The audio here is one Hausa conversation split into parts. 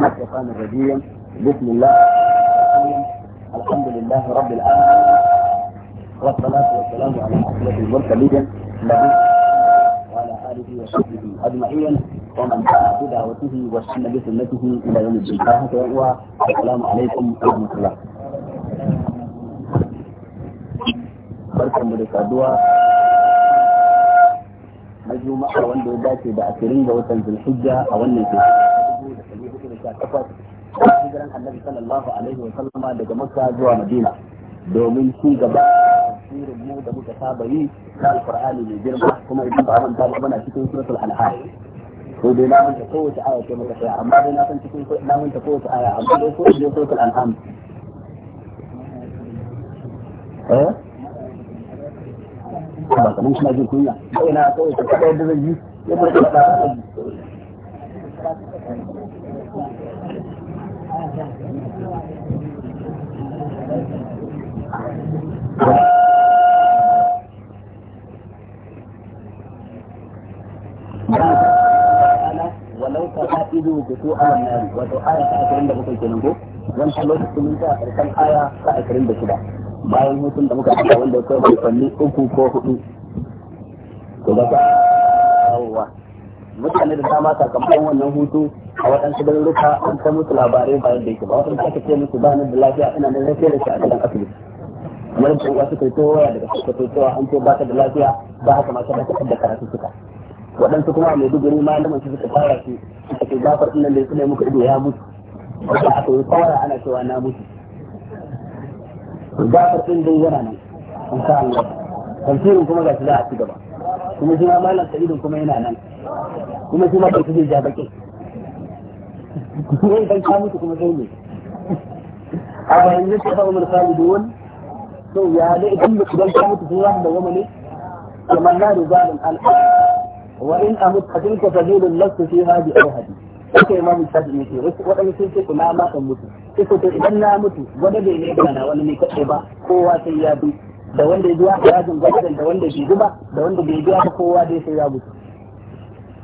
الله الرحمن الرحيم بسم الله الحمد لله رب العالمين والصلاة والسلام على أشرف المرسلين نبينا وعلى آله وصحبه أجمعين ومن دعا بدعوته وسن بسنته إلى يوم الدين والسلام عليكم ورحمة الله barkan mu da saduwa na juma'a wanda ya dace da ashirin ga watan zulhijja a wannan shekara takwas a hijiran annabi sallallahu alaihi wa sallama daga makka zuwa madina domin ci gaba tafsirin mu da muka saba yi ta alqur'ani mai girma kuma idan ba manta ba muna cikin suratul anhar ko dai na manta kowace aya ce muka tsaya amma dai na san cikin na manta kowace aya amma dai ko dai suratul anhar eh ba kamar suna jin kunya ina kawai ka kada zai yi yadda zai yajidu wuqufu a nari wato aya ta 27 kenan ko wannan lokacin mun ta karshen aya ta 26 bayan hutun da muka fara wanda ko fanni uku ko hudu to ba wa mutane da dama sakamakon wannan hutu a waɗansu garuruka an ta musu labarai bayan da yake ba waɗansu aka ce musu ba da lafiya ina nan rafe da shi a gidan asibiti kamar da uwa suka yi to waya daga suka to cewa an ce ba ta da lafiya ba haka ma ta da karatu suka waɗansu kuma a duk ma da mace suka fara su a ke gafar ɗin nan da ne muka ido ya mutu wanda aka yi kawara ana cewa na mutu gafar ɗin dai yana nan in sha Allah tafsirin kuma ga shi za a ci gaba kuma shi ma malam sa'idin kuma yana nan kuma shi ma kai kuje ja baƙi kuma idan ka mutu kuma sai ne a bayan yake ba da wani to ya dai idan ka mutu sai ya da wani ne kamar na rijalin al'adu وإن أمت فتلك سبيل لست فيها بأوهدي ake yi mamu shaɗi ne wasu waɗansu sun ce na ma kan mutu sai ko idan na mutu wanda bai ne kana wani ne kaɗai ba kowa sai ya bi da wanda ya biya yajin gwajin da wanda bai da wanda bai biya ba kowa dai sai ya mutu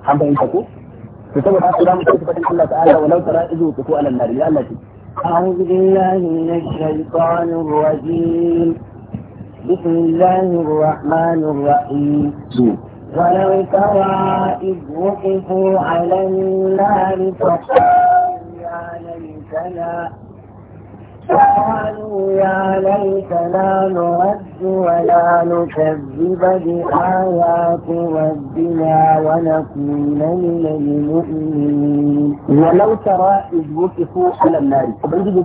an ko to saboda haka Allah ta'ala walau tara izu ku ala nar ya Allah أعوذ بالله من الشيطان الرجيم بسم الله ولو ترى إذ وقفوا على النار فقالوا يا ليتنا قالوا يا ليتنا نرد ولا نكذب بآيات ربنا ونكون من المؤمنين ولو ترى إذ وقفوا على النار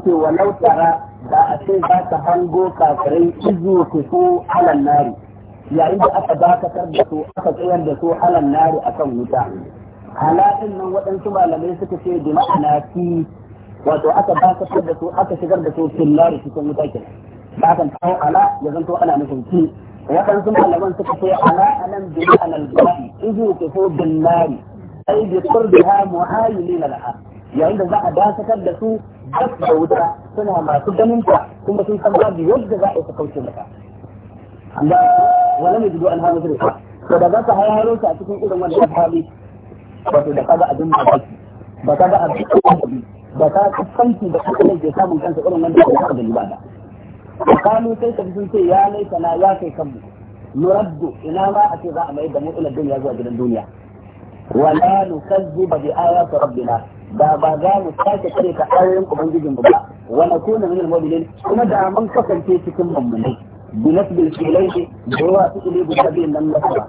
ولو ترى da a ce za ta hango kafirai yayin da aka dakatar da su aka tsayar da su halan nari kan wuta halaɗin nan waɗansu malamai suka ce da ma'ana fi wato aka dakatar da su aka shigar da su fil nari cikin wuta ke ba kan kawo ala ya zanto ana nufin fi waɗansu malaman suka ce ala anan bi ma'ana al-ba'i izu ke so bil nari ai bi qurbiha muhayyilina laha yayin da za a dakatar da su duk da wuta suna masu ganin ta kuma sun san babu yadda za a yi kauce mata an ba wala mu jido an hawo da ka to da zaka hayaro ta cikin irin wannan hali wato da kaga abin da kake ba kaga abin da kake ba ka kasance da kake da samun kansa irin wannan da kake da ba kanu sai ka sun ce ya laika na ya kai kanmu nuraddu ina ma a ce za a mai da mu ila duniya zuwa gidan duniya wala nukazziba bi ayati rabbina da ba za mu sake kare ka ayoyin ubangijin ba wa nakuna min al-mu'minin kuma da mun kasance cikin mummunai بنسب إليه هو تقليد سبيل من نصر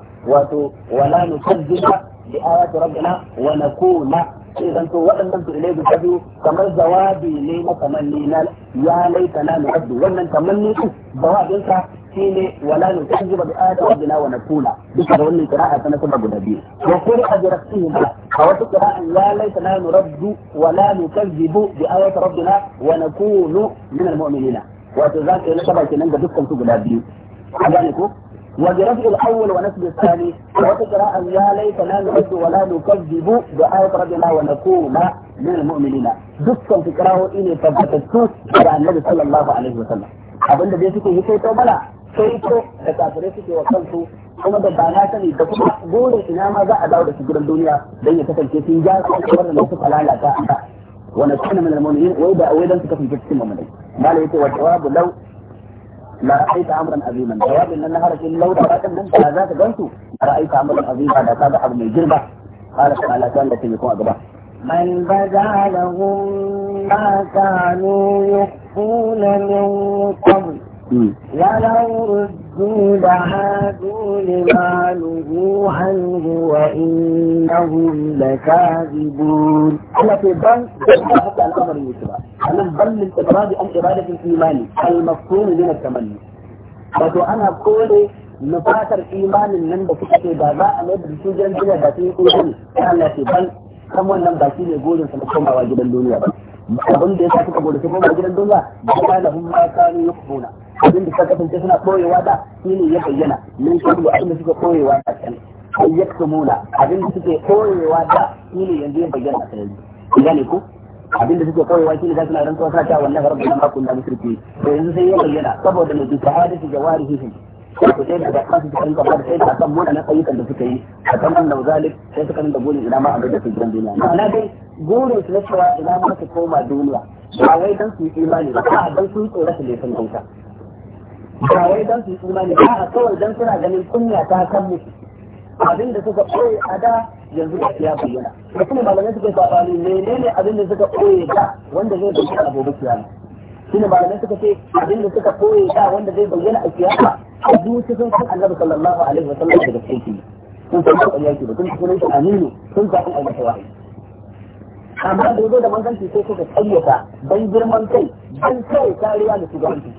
ولا نكذب بآيات ربنا ونكون إذا أنت وأن لم إليه بالحبي كما الزوابي لي متمنينا يا ليتنا نعد وأن نتمني زوابي أنت سيني ولا نكذب بآيات ربنا ونكون بك دولي قراءة سنكون أبو نبي وقرع برقصه ما فوات قراءة يا ليتنا نرد ولا نكذب بآيات ربنا ونكون من المؤمنين wato za ka yi nasaba kenan da dukkan su guda biyu a gane ko wa bi rafi al-awwal wa nasbi al-thani wa wa qira'a ya laita lana nasu wa la nukazzibu bi ayati rabbina wa nakuna min al-mu'minina dukkan su qira'o ne tabbata su ga annabi sallallahu alaihi wa sallam abinda dai suke yi sai to bala sai to da kafire suke wa kansu kuma da ba na sani da kuma gore ina ma za a dawo da su gidan duniya dan ya kasance sun ja su da su falala ta ونكون من المؤمنين وإذا أويدا تكفي في المؤمنين ما ليس والجواب لو لا رأيت أمرا عظيما جواب إن النهار لو رأيت من هذا تجنت رأيت أمرا عظيما لا تابع من الجربه قال تعالى كان لكي يكون أقبح من بدا لهم ما كانوا يخفون من قبل ولو رد قيل هاتوا لما نهوا عنه وإنهم لكاذبون أنا في بان حتى الأمر يتبع أنا بل للإبراد عن إرادة الإيمان المفهوم من التمني wato ana kore nufatar imanin nan da kuka ce ba za a mai da su gidan duniya ba su yi ƙoƙari Allah ce ban kan wannan ba shi ne gurin sa komawa gidan duniya ba abin da ya sa suka gode komawa gidan duniya ba ta lahun abin da suka kasance suna ɓoyewa da shi ne ya bayyana min shirku abin da suka ɓoyewa da can an muna abin da suke ɓoyewa da shi ne yanzu ya bayyana a sarari gane ku abin da suke ɓoyewa ne za su na rantsuwa suna cewa wannan rabbi na makon da musulki to yanzu sai ya bayyana saboda mai duka hadisi jawari hihin wato sai daga kansu su rinka fara sai da kan mona na ayyukan da suka yi a kan wannan zalik sai suka rinka gurin ina ma a da su gidan duniya na dai gurin su na cewa ina ma su koma duniya ba wai dan su yi imani ba a dan su tsora su laifin kanka ba wai don su suna ne a kawai don suna ganin kunya ta kan musu abin da suka ɓoye a da yanzu da ya bayyana da kuma malamai suka saba ne menene abin da suka ɓoye da wanda zai bayyana a gobe kiyama shine malamai suka ce abin da suka ɓoye da wanda zai bayyana a kiyama a zuci sun san annabi sallallahu alaihi wa sallam daga cikin sun san ba yaki ba sun san shi aminu sun san an aika wahayi amma da da manzanci sai suka tsayyata dan girman kai dan kai kariya da shugabanci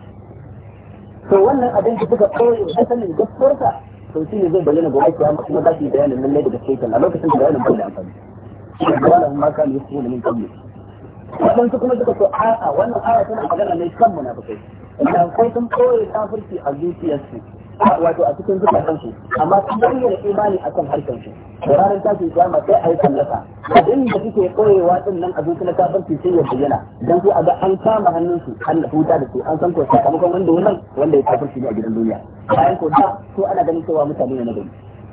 to wannan abin da suka koyo da sanin gaskiyarsa to shi ne zai bayyana gobe kiyama kuma za su yi bayanin lalle da gaske kan a lokacin da bayanin bai da amfani shi ne kuma ma kan yi su ne min kabli waɗansu kuma suka so a'a wannan aya tana magana ne kan munafikai da kai sun koyo kafirci a zuciyarsu wato a cikin zukatan su amma sun bayyana imani a kan harshen su da ranar tashin kiyama sai a yi kallasa abin da suke koyewa din nan a zuci na kafirci sai ya bayyana don sai a ga an kama hannun su an huta da su an san ko sakamakon wanda wannan wanda ya kafirci ne a gidan duniya bayan ko da su ana ganin cewa mutane ne na gani.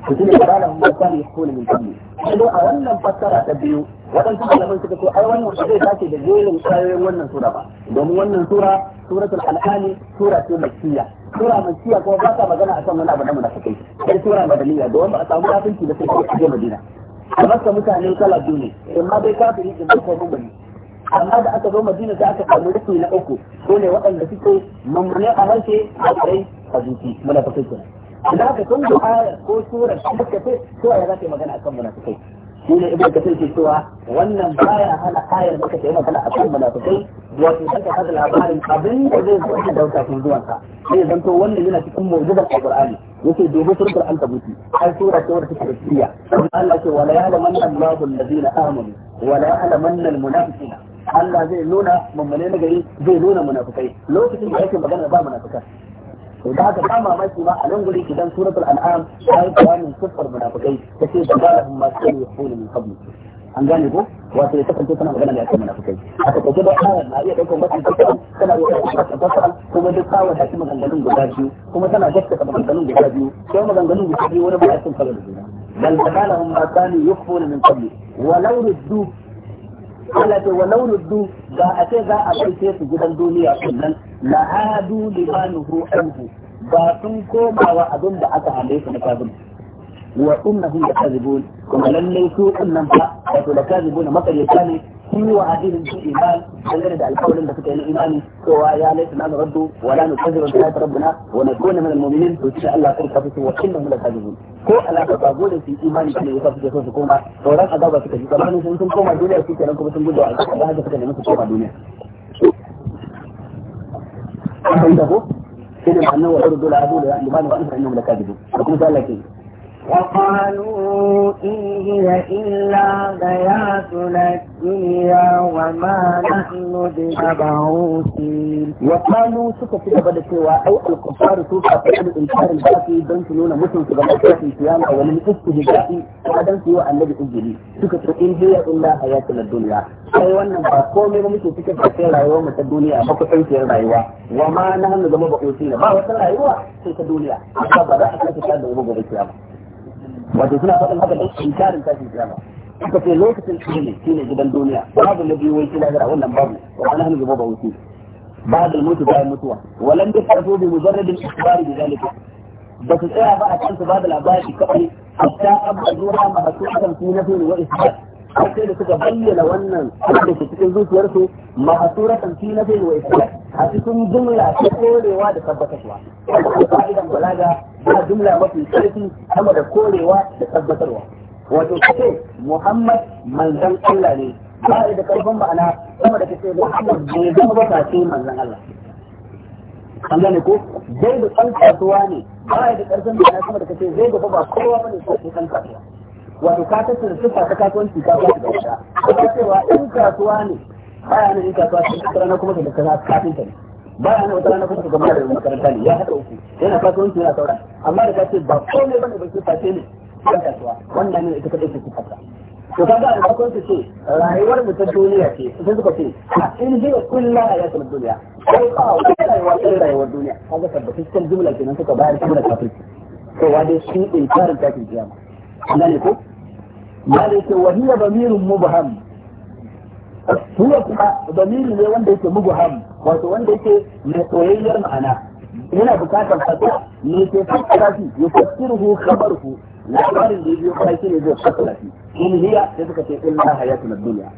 kutun da bala mun kan ko min qabli sai a wannan fassara ta biyu wadansu malaman suka ce ai wannan ba zai dace da jerin ayoyin wannan sura ba domin wannan sura suratul al'ani sura ce makkiya sura makkiya kuma ba ta magana akan wani abu da munafikai sai sura madaniya domin ba a samu kafinci da sai ko je madina a maka mutane kala biyu ne in ma dai kafiri in ba mumuni amma da aka zo madina da aka samu rufi na uku dole waɗanda suke mummune a harshe a kai a zuci munafikai kenan da haka kun da ayar ko surar da muka ce to ya zaka magana akan munafikai shi ne ibnu kasir ke cewa wannan baya hana ayar muka ce magana akan munafikai wato sai ka hada labarin abin da zai zo da dauka kun zuwan ka sai zanto wannan yana cikin mu'jizar alqur'ani yake dubi surkar al-kabuti ai sura ce wadda take da Allah ce wala ya'lamanna Allahu alladhina amanu wala ya'lamanna al-munafiqina Allah zai nuna mummune na gari zai nuna munafikai lokacin da yake magana ba munafikai to da haka ba mamaki ma a nan guri idan suratul an'am ta yi bayanin kuffar munafikai ta ce da galahum ma sai ya kula min qabli an gane ko wato ya kasance tana magana da akan munafikai a takaice da ayar na iya daukar mafi kusa tana iya daukar kusa kuma duk kawo da shi maganganun guda biyu kuma tana gaskata maganganun guda biyu sai maganganun guda biyu wani ba a cin kalo da juna bal takalahum ma kanu yukhfuna min qabli walau ruddu Allah ce walau du ga a ce za a kai su gidan duniya sannan لعادوا لغانه أنه باطن كوما وأظن بأتى عليك نكاظم وأنهم يكاذبون كما لن يسوء النمفى فأتوا لكاذبون مطر يتاني هم وعادين بالإيمان هل يرد على القول لك تعني إيماني سواء يا ليس نعم ردوا ولا نكذب بحياة ربنا ونكون من المؤمنين وإن شاء الله قلت حفظه وإنهم لكاذبون كو ألا تقابون في إيمان كان يصاف جسوس كوما فوراك أدابة كتابة كوما دولي أسيك لنكم بسنجد وعلى هذا كوما دولي an fahimta ko sai da annabi wa rubula abu da ya imani wa annabi lakadibu da kuma Allah ke وقالوا إن هي إلا بياتنا الدنيا وما نحن بمبعوثين وقالوا suka ci gaba da cewa ai alkufaru su ka fi da inkarin zafi don su nuna mutum su gaba da su kiyama wani iski da zafi kuma don su yi a annabi injili suka ce in hiya illa hayatul dunya sai wannan ba komai ba muke cikin rayuwar mu ta duniya ba ku tsankiyar rayuwa wa ma nahnu gama ba ba wata rayuwa sai ta duniya ba za a kasance da gobe kiyama وقد يكون هذا الاسم انكار في الجامعه حتى في لوكة الحلمي في نجد الدنيا بعض الذي يويتل هذا هو النبضي وانا هم يبضع وكيل بعد الموت بعد الموت ولم يفعلوا بمجرد الاخبار بذلك بس ايه بقى كانت بعض الاباء الكبري حتى ابعدوها مهتوحة في نفي واثبات A sai da suka bayyana wannan da ke cikin zuciyarsu ma'asuratan fi na wa islam a cikin jumla ta korewa da tabbatarwa a ka'idan balaga ba jumla mafi sarki sama da korewa da tabbatarwa wato ce, muhammad manzan allah ne ba da karfin ma'ana sama da kace muhammad bai zama ba face manzan allah an gane ko zai da kan kasuwa ne ba da karfin ma'ana sama da kace zai da ba kowa bane sai kan kasuwa wato ka tattara siffa ta kasuwanci ka ba da wata ta cewa in kasuwa ne baya nan in kasuwa ce kasuwa na kuma da ta kafinta ne baya nan wata rana kuma ka gama da makaranta ne ya haɗa uku yana kasuwanci yana saura amma da ka ce ba ne bane ba siffa ce ne kasuwa wannan ne ita kaɗai ce siffa ta to kaga a farkon su ce rayuwar mu ta duniya ce sai suka ce in ji kullum ya ta duniya sai ba wani rayuwa rayuwar duniya kaga tabbataccen jumla kenan suka bayar kuma da kafin to wa dai shi ɗin karin kafirci jiya ma ne ko يعني وهي ضمير مبهم هي ضمير اللي وين مبهم وقت وين ده متوهي معنا هنا بكاتا فتا يتفكر في يفكره خبره لا بار اللي يفكر في يفكر في إن هي تبقى إلا حياتنا الدنيا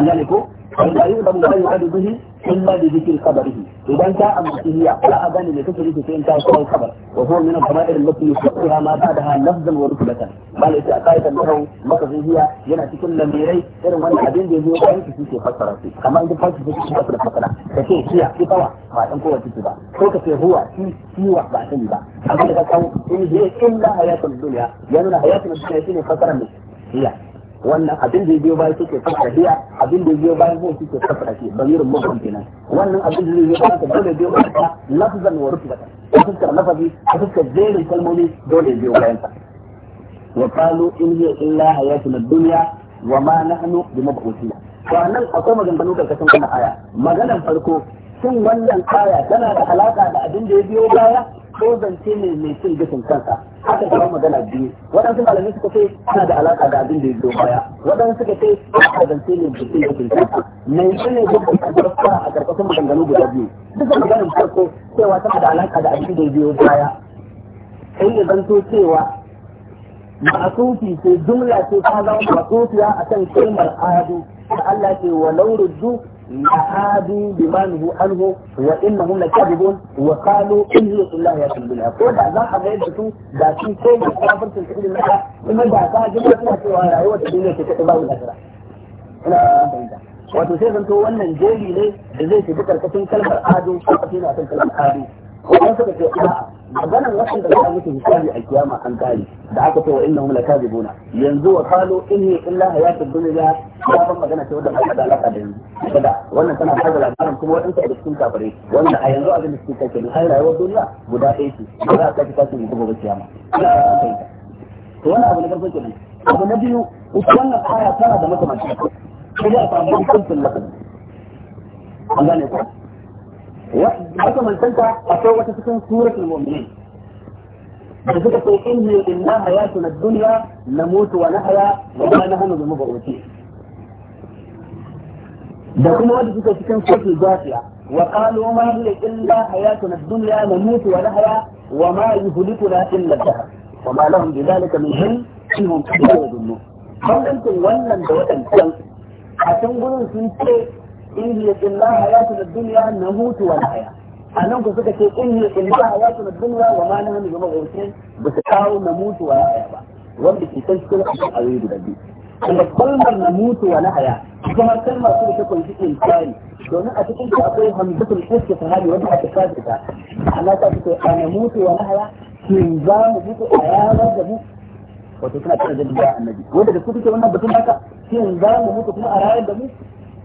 يعني كو wanda yi da mu yi adu bihi illa bi zikri qabrihi idan ka ambaci hiya la abani ne kake rubuta in ka kawo kabar wa huwa min al-qaba'ir allati yusaqqaha ma ba'daha lafzan wa rutbatan bal ita qaida al-raw makazin hiya yana cikin lamirai irin wannan abin da yazo bayan ki ke fassara shi kamar duk fashi da shi fassara fassara kace hiya ki kawa ba dan kowa ciki ba ko kace huwa shi kiwa ba sani ba abin da ka kawo in hiya illa hayatul dunya yana hayatul dunya shine fassara wannan abin da ya biyo bayan suke kafa tafiya abin da ya biyo bayan ko suke kafa tafiya damirin mutum kenan wannan abin da ya biyo bayan ka dole biyo bayan ka lafzan wa rutbatan a fuskar lafazi a fuskar jerin kalmomi dole biyo bayan ka wa qalu in hiya illa hayatuna dunya wa ma nahnu bimab'uthina to nan akwai maganganu karkashin kuma aya maganar farko shin wannan aya tana da alaka da abin da ya biyo baya ko zance ne mai cin gashin kansa haka kawo magana biyu waɗansu malamai suka ce ana da alaƙa da abin da ya zo baya waɗansu suka ce haka zance ne mai cin gashin kansa mai cin ne da kuma a ƙarƙashin maganganu guda biyu duka maganin farko cewa tana da alaƙa da abin da ya zo baya sai ya zanto cewa ma'asufi ce jumla ce ta zama ma'asufiya a kan kalmar ahadu Allah ce wa laurudu نعادوا بما نهوا عنه وانهم لكاذبون وقالوا ان هي الله ko da za a bayar da su da su ko da kafircin su irin naka kuma da ka ji ba suna cewa rayuwar ta duniya ce ta ba mu nasara ina fahimta wato sai zanto wannan jeri ne da zai shiga karkashin kalmar ado ko a ko maganan waɗanda za a musu a kiyama an kare da aka ce wa inna hum lakazibuna yanzu wa qalu inni illa hayatud dunya ya ban magana ce wanda aka dala ka da yanzu kada wannan tana fara labarin kuma waɗansu da cikin kafare wanda a yanzu abin da suke kake kenan ai rayuwar dunya guda ɗaya ce ba za a kaci kasu mu gobe kiyama to wannan abu na farko kenan abu na biyu wannan aya tana da makamashi sai da a samu hukuncin lafiya an gane ko wata mantanta akwai wata cikin suratul mu'minin da suka ce inni inna hayatuna dunya namutu wa nahya wa da kuma wanda suka cikin wa ma hiya illa dunya namutu wa nahya wa ma yuhlikuna illa dahr wa ma lahum bi dhalika min wannan da a can gurin sun ce in hiya illa hayatuna dunya namutu wa nahya anan ku suka ce in hiya illa hayatuna dunya wa ma nahnu bi mabutin ba su kawo namutu wa nahya ba wanda ke kan cikin abin a yau da biyu kuma kalmar namutu wa nahya kuma kalmar su ta kunshi inkari domin a cikin ta akwai hamdatul istifhami wanda aka kafa ta ana ta ce a namutu wa nahya shin za mu mutu a yanar da mu wato suna kira da annabi wanda da kuka ce wannan batun haka shin za mu mutu kuma a rayar da mu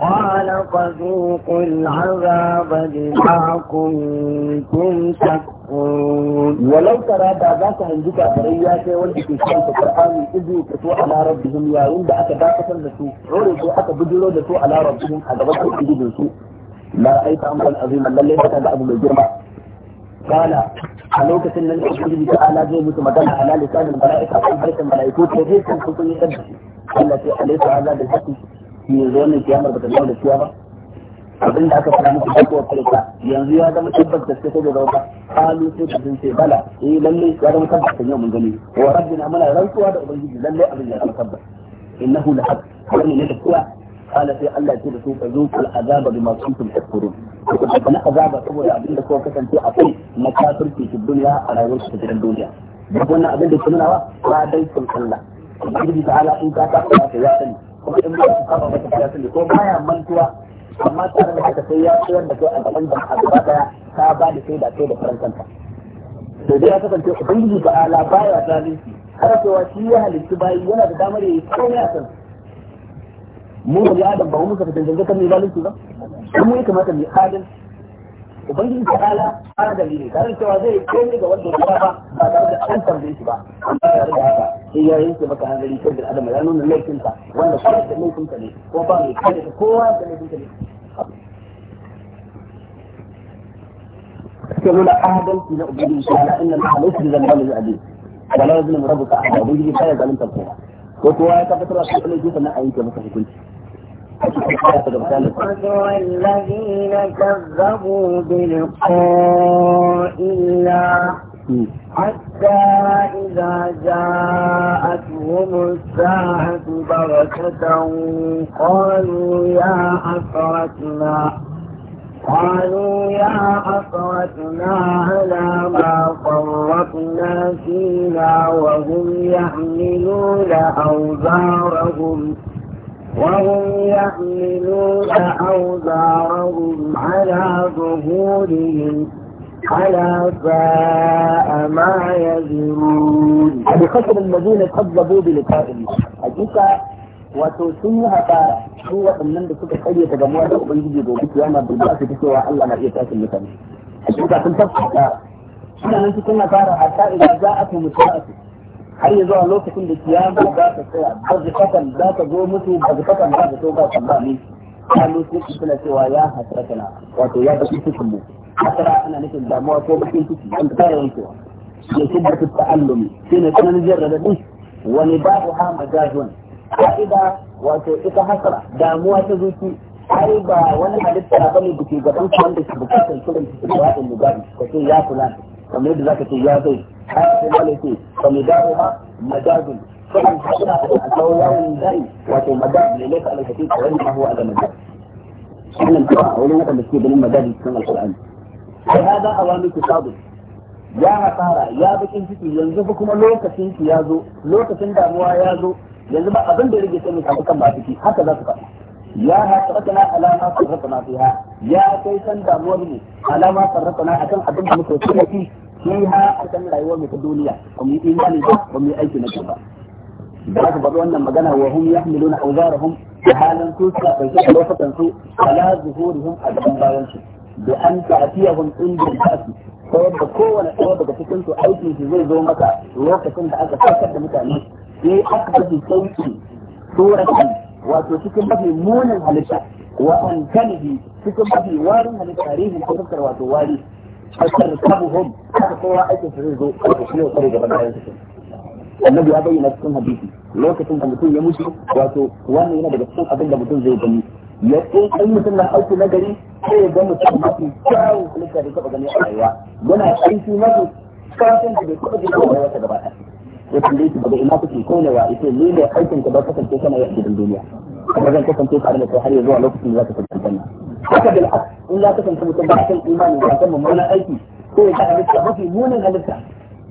قال فذوقوا العذاب بما كنتم تكفرون ولو ترى ذاك عند كافرية والتي كانت القرآن إذ يكتو على ربهم يا رب أتى ذاك النسو عرضوا أتى بجلوا لسو على ربهم أدبتوا إذ نسو لا رأيت أمرا عظيما لن ليس كان أبو الجرمى قال a lokacin nan da ubangiji ta ala zai musu magana ala lisanin mala'ika kan harshen mala'iku ko zai kan kusa yi sabbi Allah sai alaihi wa da sabbi me yanzu wannan kiyamar ba ta zama da ciwa ba abin da aka fara musu bakuwar farka yanzu ya zama tabbas da suke da rauka kalu sai ka sun ce bala eh lalle ya zama tabbas kan yau mun gani wa rabbina mala rantsuwa da ubangiji lalle abin ya zama tabbas innahu la haq wani ne da kuwa قال في الله كده سوف ذوق العذاب بما كنتم تكفرون فكنت انا عذاب saboda abin da kuka kasance a kai na kafirci cikin duniya a rayuwar su cikin duniya duk wannan abin da ke nuna wa ba dai sun Allah ubangiji ta'ala in ka ta ya sani kuma in ba su saba mata ta sani ko baya mantuwa amma tare da haka sai ya koyar da kai a gaban da a gaba daya ta ba da kai da kai da farkanta to dai ya kasance ubangiji ba ala baya zalunci har cewa shi ya halitta bayi yana da damar ya yi komai a kansa mu da adam ba mu muka fitan ne zalunci ba kuma ya kamata mu yi adalci ubangiji ta ala da dalili tare cewa zai kai ga wanda ya ba ba tare da an tambaye shi ba amma tare da haka sai ya yanke maka hanzari kan da adam ya nuna laifinsa wanda kuma da laifinsa ne ko ba mai kai da kowa da laifinsa ne suka nuna adalci na ubangiji ta ala inna ma alaihi bi zalmal lil adil wala yazlimu rabbuka ahada ubangiji ta ya zalunta ko kowa ya tabbatar da shi ne sannan a yanke maka hukunci الذين كذبوا بلقاء الله حتى إذا جاءتهم الساعة بركة قالوا يا حسرتنا قالوا يا حسرتنا على ما فرطنا فينا وهم يحملون أوزارهم وهم يحملون أوزارهم على ظهورهم على ساء ما يزرون بخسر الذين كذبوا بلقاء الله حقيقة wato sun yi haka su waɗannan da suka karye ta gamuwa da ubangiji gobe kiyama da ba su ta cewa Allah na iya tashin mutane hakika sun tabbata suna nan cikin nasara hatta idan za a tu mutuwa har yanzu zuwa lokacin da kiyama za ta tsaya bazikatan za ta zo mutu bazikatan za ta zo ba ta bani kalu sai suna cewa ya hasratana wato ya bakin cikin mu hasara ana nufin damuwa ko bakin ciki an tsara yankewa ya shiddatu ta'allumi shine sanan jarradin wani babu ha majazun ka'ida wato ita hasara damuwa ta zuci ai ba wani halitta ba ne da ke gaban su wanda su bukatar kiran ki da wadin lugabi ka ce ya kula kamar yadda zaka ce ya zai har sai malai فمدارها مداد فمن حصل الدولة زي وفي a لليس على الكثير وإنما هو هذا مداد احنا نقرأ أولنا تمسكي بين المداد يسمى القرآن فهذا أوامر تصادم ya hasara ya bakin ciki yanzu fa kuma lokacin ki ya zo lokacin damuwa ya zo yanzu ba abin da rage sani kafa kan ba ciki haka za su faɗa ya hasratana alama sarrafana fiha ya kai san damuwar ne alama sarrafana akan abin da muke ciki fiha a kan rayuwar mu ta duniya ba mu yi imani ba ba mu yi aiki na ba da aka faɗi wannan magana wa hum yahmiluna awzarahum da halin su suka ɗauki a lokacin su ala zuhurihim a gaban bayan su da an ta'atiyahum inda ta'ati ta yadda kowane ɗaya daga cikin su aikin shi zai zo maka lokacin da aka sakar da mutane sai aka bashi sauki suratan wato cikin mafi munin halitta wa an kanihi cikin mafi warin halitta rihin ta fuskar wato wari فسركبهم حتى سوى أي تفريزه وتشيء طريقة annabi ya bayyana cikin hadisi lokacin da mutum ya mutu wato wannan yana daga cikin abin da mutum zai gani ya ce kai mutum na aiki na gari sai ya ga mutum mafi kyawun halitta da taba gani a rayuwa yana aiki mafi kafin da bai taba gani a rayuwa ta gaba ya tambaye shi daga ina kuke ko ne wa ni ne aikin ka ba kasance kana yi a gidan duniya kuma zan kasance tare da kai har ya zuwa lokacin da za ka kasance nan haka da as in za ka kasance mutum ba kan imani ba kan mummunan aiki ko ya ta halitta mafi munin halitta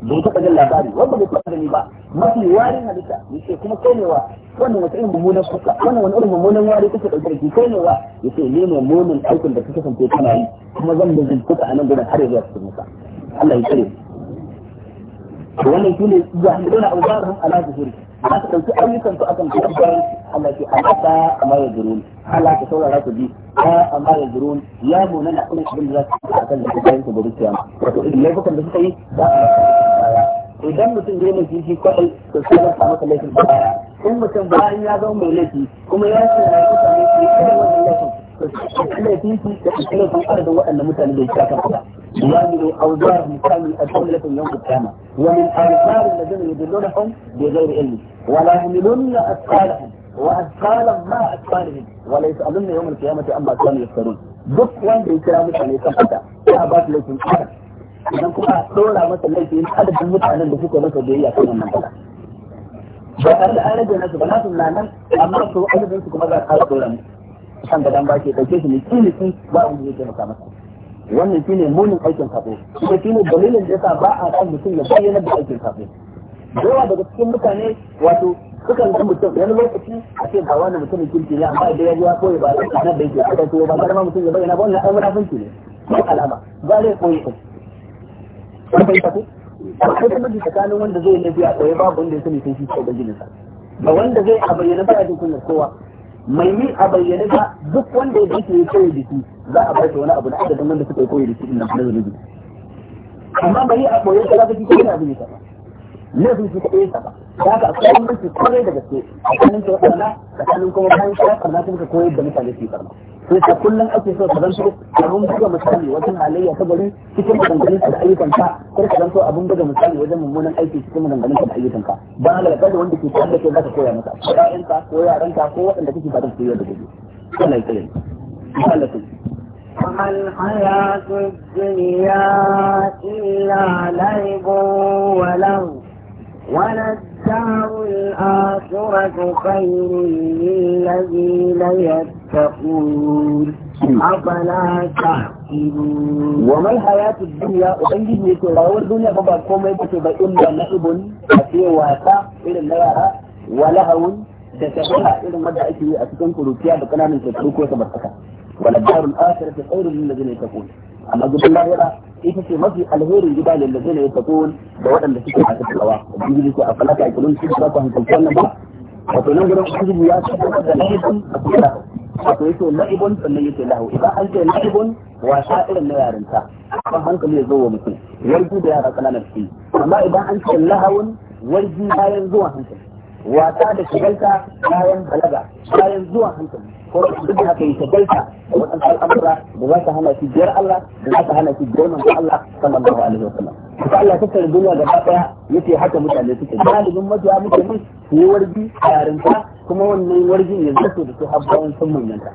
bai taɓa jin labari wanda bai taɓa gani ba mafi warin halitta ce kuma kai ne wannan wata irin mummunan suka wannan wani irin mummunan wari kake ɗauke da shi kai Ya ce yace ni ne munin aikin da kake kasance kana yi kuma zan da kuka a nan gudan har ya zuwa cikin musa Allah ya kare mu to wannan su ne yahmiluna awzarahum ala zuhuri za su ɗauki ayyukan su akan su bayan Allah ke alaka amma ya zurun Allah ka saurara ku bi ya amma ya zurun ya mona na kuma abin da za su yi akan da bayan su bari kiyama wato idan laifukan da suka yi za su idan mutum zai mai shi kwaɗai to sai ya samu laifin da in mutum bayan ya zama mai laifi kuma ya ce na kusa ne su yi kawai wannan laifin to sai ya laifin su da su laifin adadin waɗanda mutane da ya shafa ومن اوزارهم كامل الدولة يوم القيامة ومن اوزار الذين يدلونهم بغير علم ولا يحملن اثقالهم واثقالا مع اثقالهم ولا يسألن يوم القيامة عما كانوا يفترون duk wanda ya kira mutane kan fata ya ba laifin fata idan kuma dora masa laifin adadin mutanen da suka masa biyayya kan wannan fata ba tare da an rage nasu ba nasu na nan amma su adadin su kuma za a kara dora musu san gadan ba ke dauke su ne kilikin ba wanda zai taimaka masa wannan shine munin aikin kafin kuma shine dalilin da yasa ba a san mutum ya bayyana da aikin kafin yawa daga cikin mutane wato sukan ga mutum wani lokaci a ce ba wani mutumin kirki ne amma idan ya ji ya koyi ba a nan da yake a kai ba karma mutum ya bayyana ba wannan ai munafunci ne Ba alama ba zai koyi ba ko bai tafi ko kuma da tsakanin wanda zai lafiya koyi babu wanda ya sani sun shi ko ubangijinsa ba wanda zai a bayyana ba a jikin kunyar kowa mai yi a bayyane ba duk wanda ya dace ya koyi da shi za a bai wani abu da adadin wanda suka yi koyi da shi inda nan na zubi amma bai a koyi da za ka ya koyi da abin ba laifin shi kaɗai sa ba da haka akwai bambanci kwarai da gaske tsakanin ka waɗanda tsakanin kuma bayan ka waɗanda kuma ka koyar da mutane su yi barna sai ka kullum ake so ka zanto abin buga misali wajen halayya ta gari cikin maganganun da ayyukan ka kar ka zanto abin buga misali wajen mummunan aiki cikin maganganun da ayyukan ka ba na da wanda ke tare da kai zaka koya masa ko ƴaƴanka ko yaranka ko waɗanda kake fatan su yi da gobe Allah ya tsare وما الحياة الدنيا إلا لعب ولهو وللدار الآخرة خير للذين يتقون أفلا تعقلون وما الحياة الدنيا وأنجد يكون راوى الدنيا فبقى كوما يكتب إلا لعب أتي واسع إلى اللغة ولهو تتبعها إلى مدى أتي أتكون كروتيا بقناة من تتركوا سبتك وللدار الآخرة خير للذين يتقون أما قلت الله يرى ita ce mafi alherin gida da lalle ne ta da waɗanda suke a cikin kawa ubangiji ce a falaka a kilin cikin ba ku hankalci wannan ba wato nan gurin ubangiji ya ce da laifin a cikin lahu wato yake la'ibun sannan yake lahu idan an ce la'ibun wasa irin na yarinta ban hankali ya zo wa mutum warji da yara ƙananan ciki amma idan an ce lahawun warji bayan zuwa hankali Wata da shigalta bayan balaga bayan zuwa hankali ko duk haka yi shagalta da wasu al'amura da za ta hana shi biyar Allah da za ta hana shi biyar manzo Allah sallallahu alaihi wasallam kuma Allah ta tsare duniya gaba daya yace haka mutane suke galibin mabiya mutane su yi wargi a yarinta kuma wannan warjin ya zato da su har bayan sun manyanta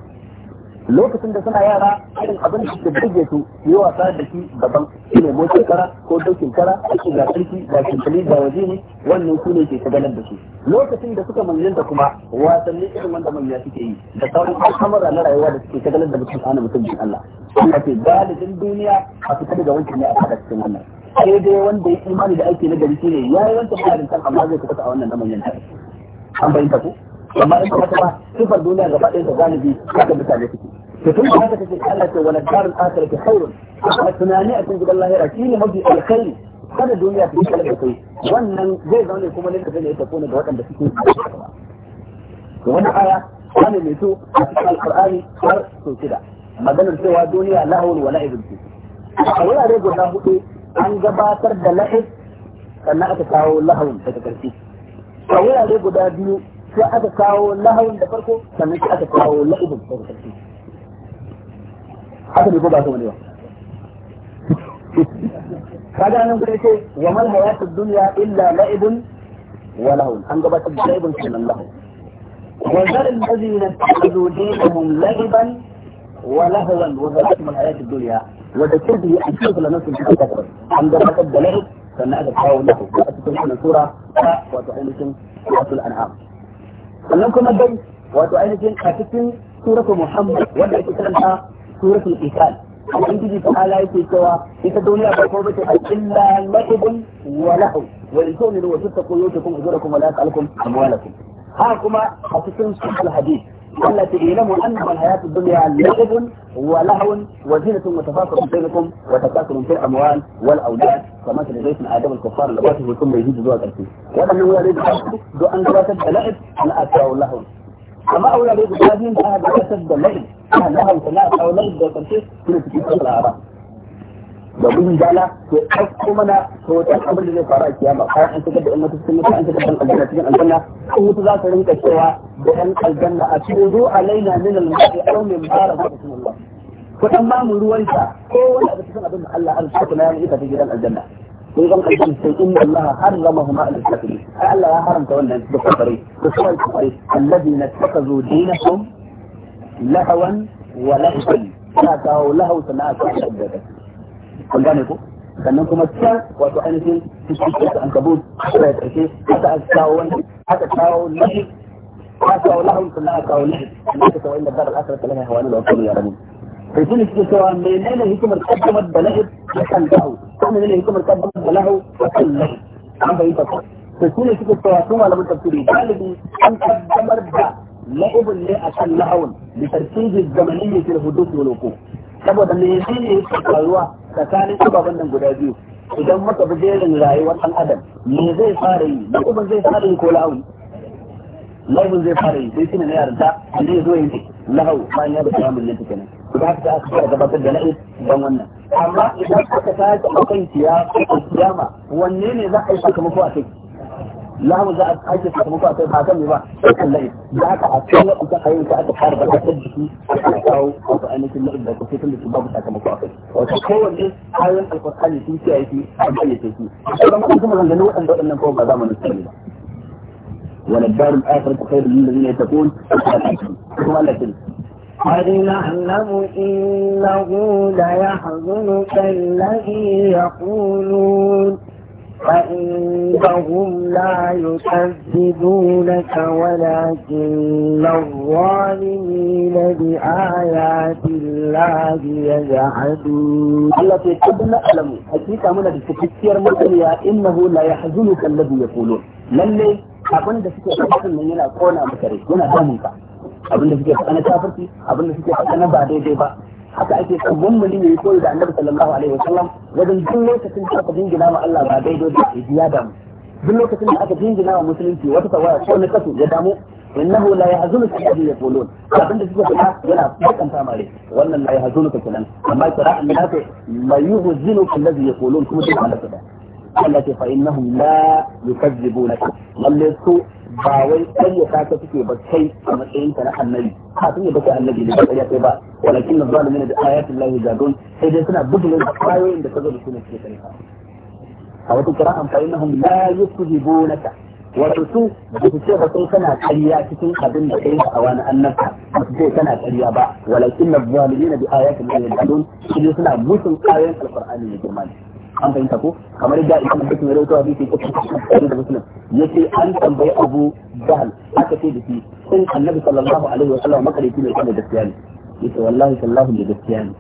lokacin da suna yara irin abin da burge su yi wasa da shi daban shi ne motsi kara ko dokin kara ake ga sarki ga shimfili ga waje ne wannan su ne ke shagalar da su lokacin da suka manyanta kuma wasanni irin wanda manya suke yi da sauran al'amura na rayuwa da suke shagalar da mutum ana mutum jin Allah Allah ce galibin duniya a fitar daga wancan ne a fada cikin wannan sai dai wanda ya imani da aiki na gari shi ne ya yi wancan halin kan amma zai fita a wannan na manyanta an bayyana ku amma in kuma ba sifar duniya gaba ɗaya da galibi haka mutane suke to tun da haka take Allah ce wala darul akhirati khairun amma tunani a cikin gidan lahira shine mafi alkhairi kada duniya ta kalle da kai wannan zai zaune kuma ne kaje ne ta kone da waɗanda suke to Wani aya wani mai to a cikin alqur'ani har sau shida maganar cewa duniya lahul wala ibn a wurare guda hudu an gabatar da la'ib sannan aka kawo lahawun daga ƙarshe a wurare guda biyu sai aka kawo lahawun da farko sannan sai aka kawo la'ibin daga farko haka ne ko ba ta wani ba kaga nan gudu ce wa mal hayatu dunya illa la'ibun wa lahawun an gabatar da la'ibun sannan lahawun وذر الذين اتخذوا دينهم لعبا ولهوا وغرتهم الحياة الدنيا وذكر به أن تغفل نفس الكفر أن قد لعب فإن هذا الحياة له وأتكلم عن سورة وتعلمكم سورة الأنعام sannan kuma dai wato ainihin a cikin suratul muhammad wanda ake karanta suratul isal ubangiji ta ala yake cewa ita duniya ba ko bace a illa lahibun wa lahu wa in tu'minu wa tattaqu yutukum ujurakum wa la yas'alukum amwalakum ha kuma a cikin suratul hadid التي اعلموا أن الحياة الدنيا لعب ولهو وزينة وتفاخر بينكم وتكاثر في الاموال والاولاد كمثل من ادم الكفار لباسه ثم يزيد ذو الارسل ولم هو يريد دو ان تبدأ لعب انا اكره لهو كما اولى بيت هذه انها دراسة لعب انا لهو فلا اكره لعب ذو الارسل كنت في الاعراب da gudun dala to ɗauko mana to wata abin da zai faru a kiyama har an shigar da ɗan mutu cikin mutu an shigar da aljanna cikin aljanna kan mutu za su rinka cewa da ɗan aljanna a cikin zo a laina min al-ma'i aw min bara ba Allah ko dan ba mu ruwan sha ko wani abu cikin abin da Allah har shi kuma ya yi ta gidan aljanna ko zan aljanna sai inna Allah harramahuma al-kafiri ai Allah ya haramta wannan da kafare da suwan kafare alladina takazu dinahum lahawan wa la'iban ana kawo lahau sana'a ta shaddada an gane ko sannan kuma can wato ainihin cikin da an kabu da ya karshe haka a kawo wani haka kawo lahi haka kawo lahun sannan haka kawo lahi sannan haka kawo inda bar al'asar ta lahi hawani da wasu ya rabu sai shi ne suke cewa menene hikimar kaddamar da lahi a kan dahu ko menene hikimar kaddamar da lahu a kan lahi an bai ta ko shi ne suke cewa sun malamin tafsiri galibi an kaddamar da la'ibun ne a kan lahawun bi tartibi zamaniyyati al-huduth wal wuqu' saboda ne yake faruwa tsakanin ababen nan guda biyu idan muka bi jerin rayuwar ɗan adam me zai fara yi na uban zai fara yi ko la'awi laifin zai fara yi sai shine na yarda ne zo yi lahau bayan ya da mun ne kenan guda da haka aka fara gabatar da na'i ban wannan amma idan aka sake kai kiyama wanne ne za a yi sakamako a kai lahu za a ake sakamako a kai ba kan ne ba sai kan lai da haka a cikin waɗanda a yanka aka fara da kasar jiki a kawo wasu ainihin na'in da kusa tunda su babu sakamako a kai wato kowanne ayoyin alƙur'ani sun kiyaye shi a bayyace shi sauran kuma kuma zanganin waɗanda waɗannan kawai ba za mu nufi ne ba وللدار الآخرة خير للذين يتقون ثم لكن قد نعلم إنه ليحزنك الذي يقولون فإنهم لا يكذبونك ولكن الظالمين بآيات الله يجحدون التي قد نعلم حقيقة من التفكير مثل إنه لا يحزنك الذي يقولون للي abin da suke faɗin nan yana kona maka rai yana damun ka abin da suke faɗa na kafirci abin da suke faɗa na ba daidai ba haka ake son mummuni ne koyi da annabi sallallahu alaihi wasallam wajen duk lokacin da aka jingina ma Allah ba daidai da ya damu duk lokacin da aka jingina wa musulunci wata tawaya ko na kasu ya damu innahu la yahzunuka alladhi yaqulun abin da suka faɗa yana bakanta mare wannan la yahzunuka kenan amma qira'an nafi la yuhzinuka alladhi yaqulun kuma duk Allah ta Allah ta fa innahum la yukazzibunaka lalle su ba wai ƙaryata ta suke ba kai a matsayin ka na annabi ha sun yi baka annabi ne ba ƙarya kai ba walakin na zalimi da ayatul lahi jadun sai dai suna bugulin ƙwayoyin da ka zo da su ne suke ƙarya a wata kira amfani na hum la yusbibunaka wato su ba su ce ba sai kana ƙarya cikin abin da kai a wani annabta ba su ce kana ƙarya ba walakin na zalimi da ayatul lahi jadun sai dai suna musun ayoyin alqur'ani ne girma ne an fahimta ko kamar yadda imam mutum ya rawaito hadisi ko cikin da Ya ce an tambayi abu jahal aka ce da shi sun annabi sallallahu alaihi wa sallam makareci ne kan gaskiya ne yace wallahi sallahu da gaskiya ne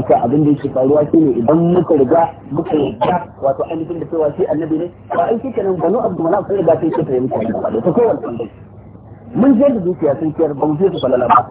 ita abin da yake faruwa ne idan muka riga muka yarda wato ainihin da cewa shi annabi ne ba ai shi kenan banu abdu manaf sai riga sai ke fahimta ne ba da kowace mun je da zuciya sun kiyar ba mu je su falala ba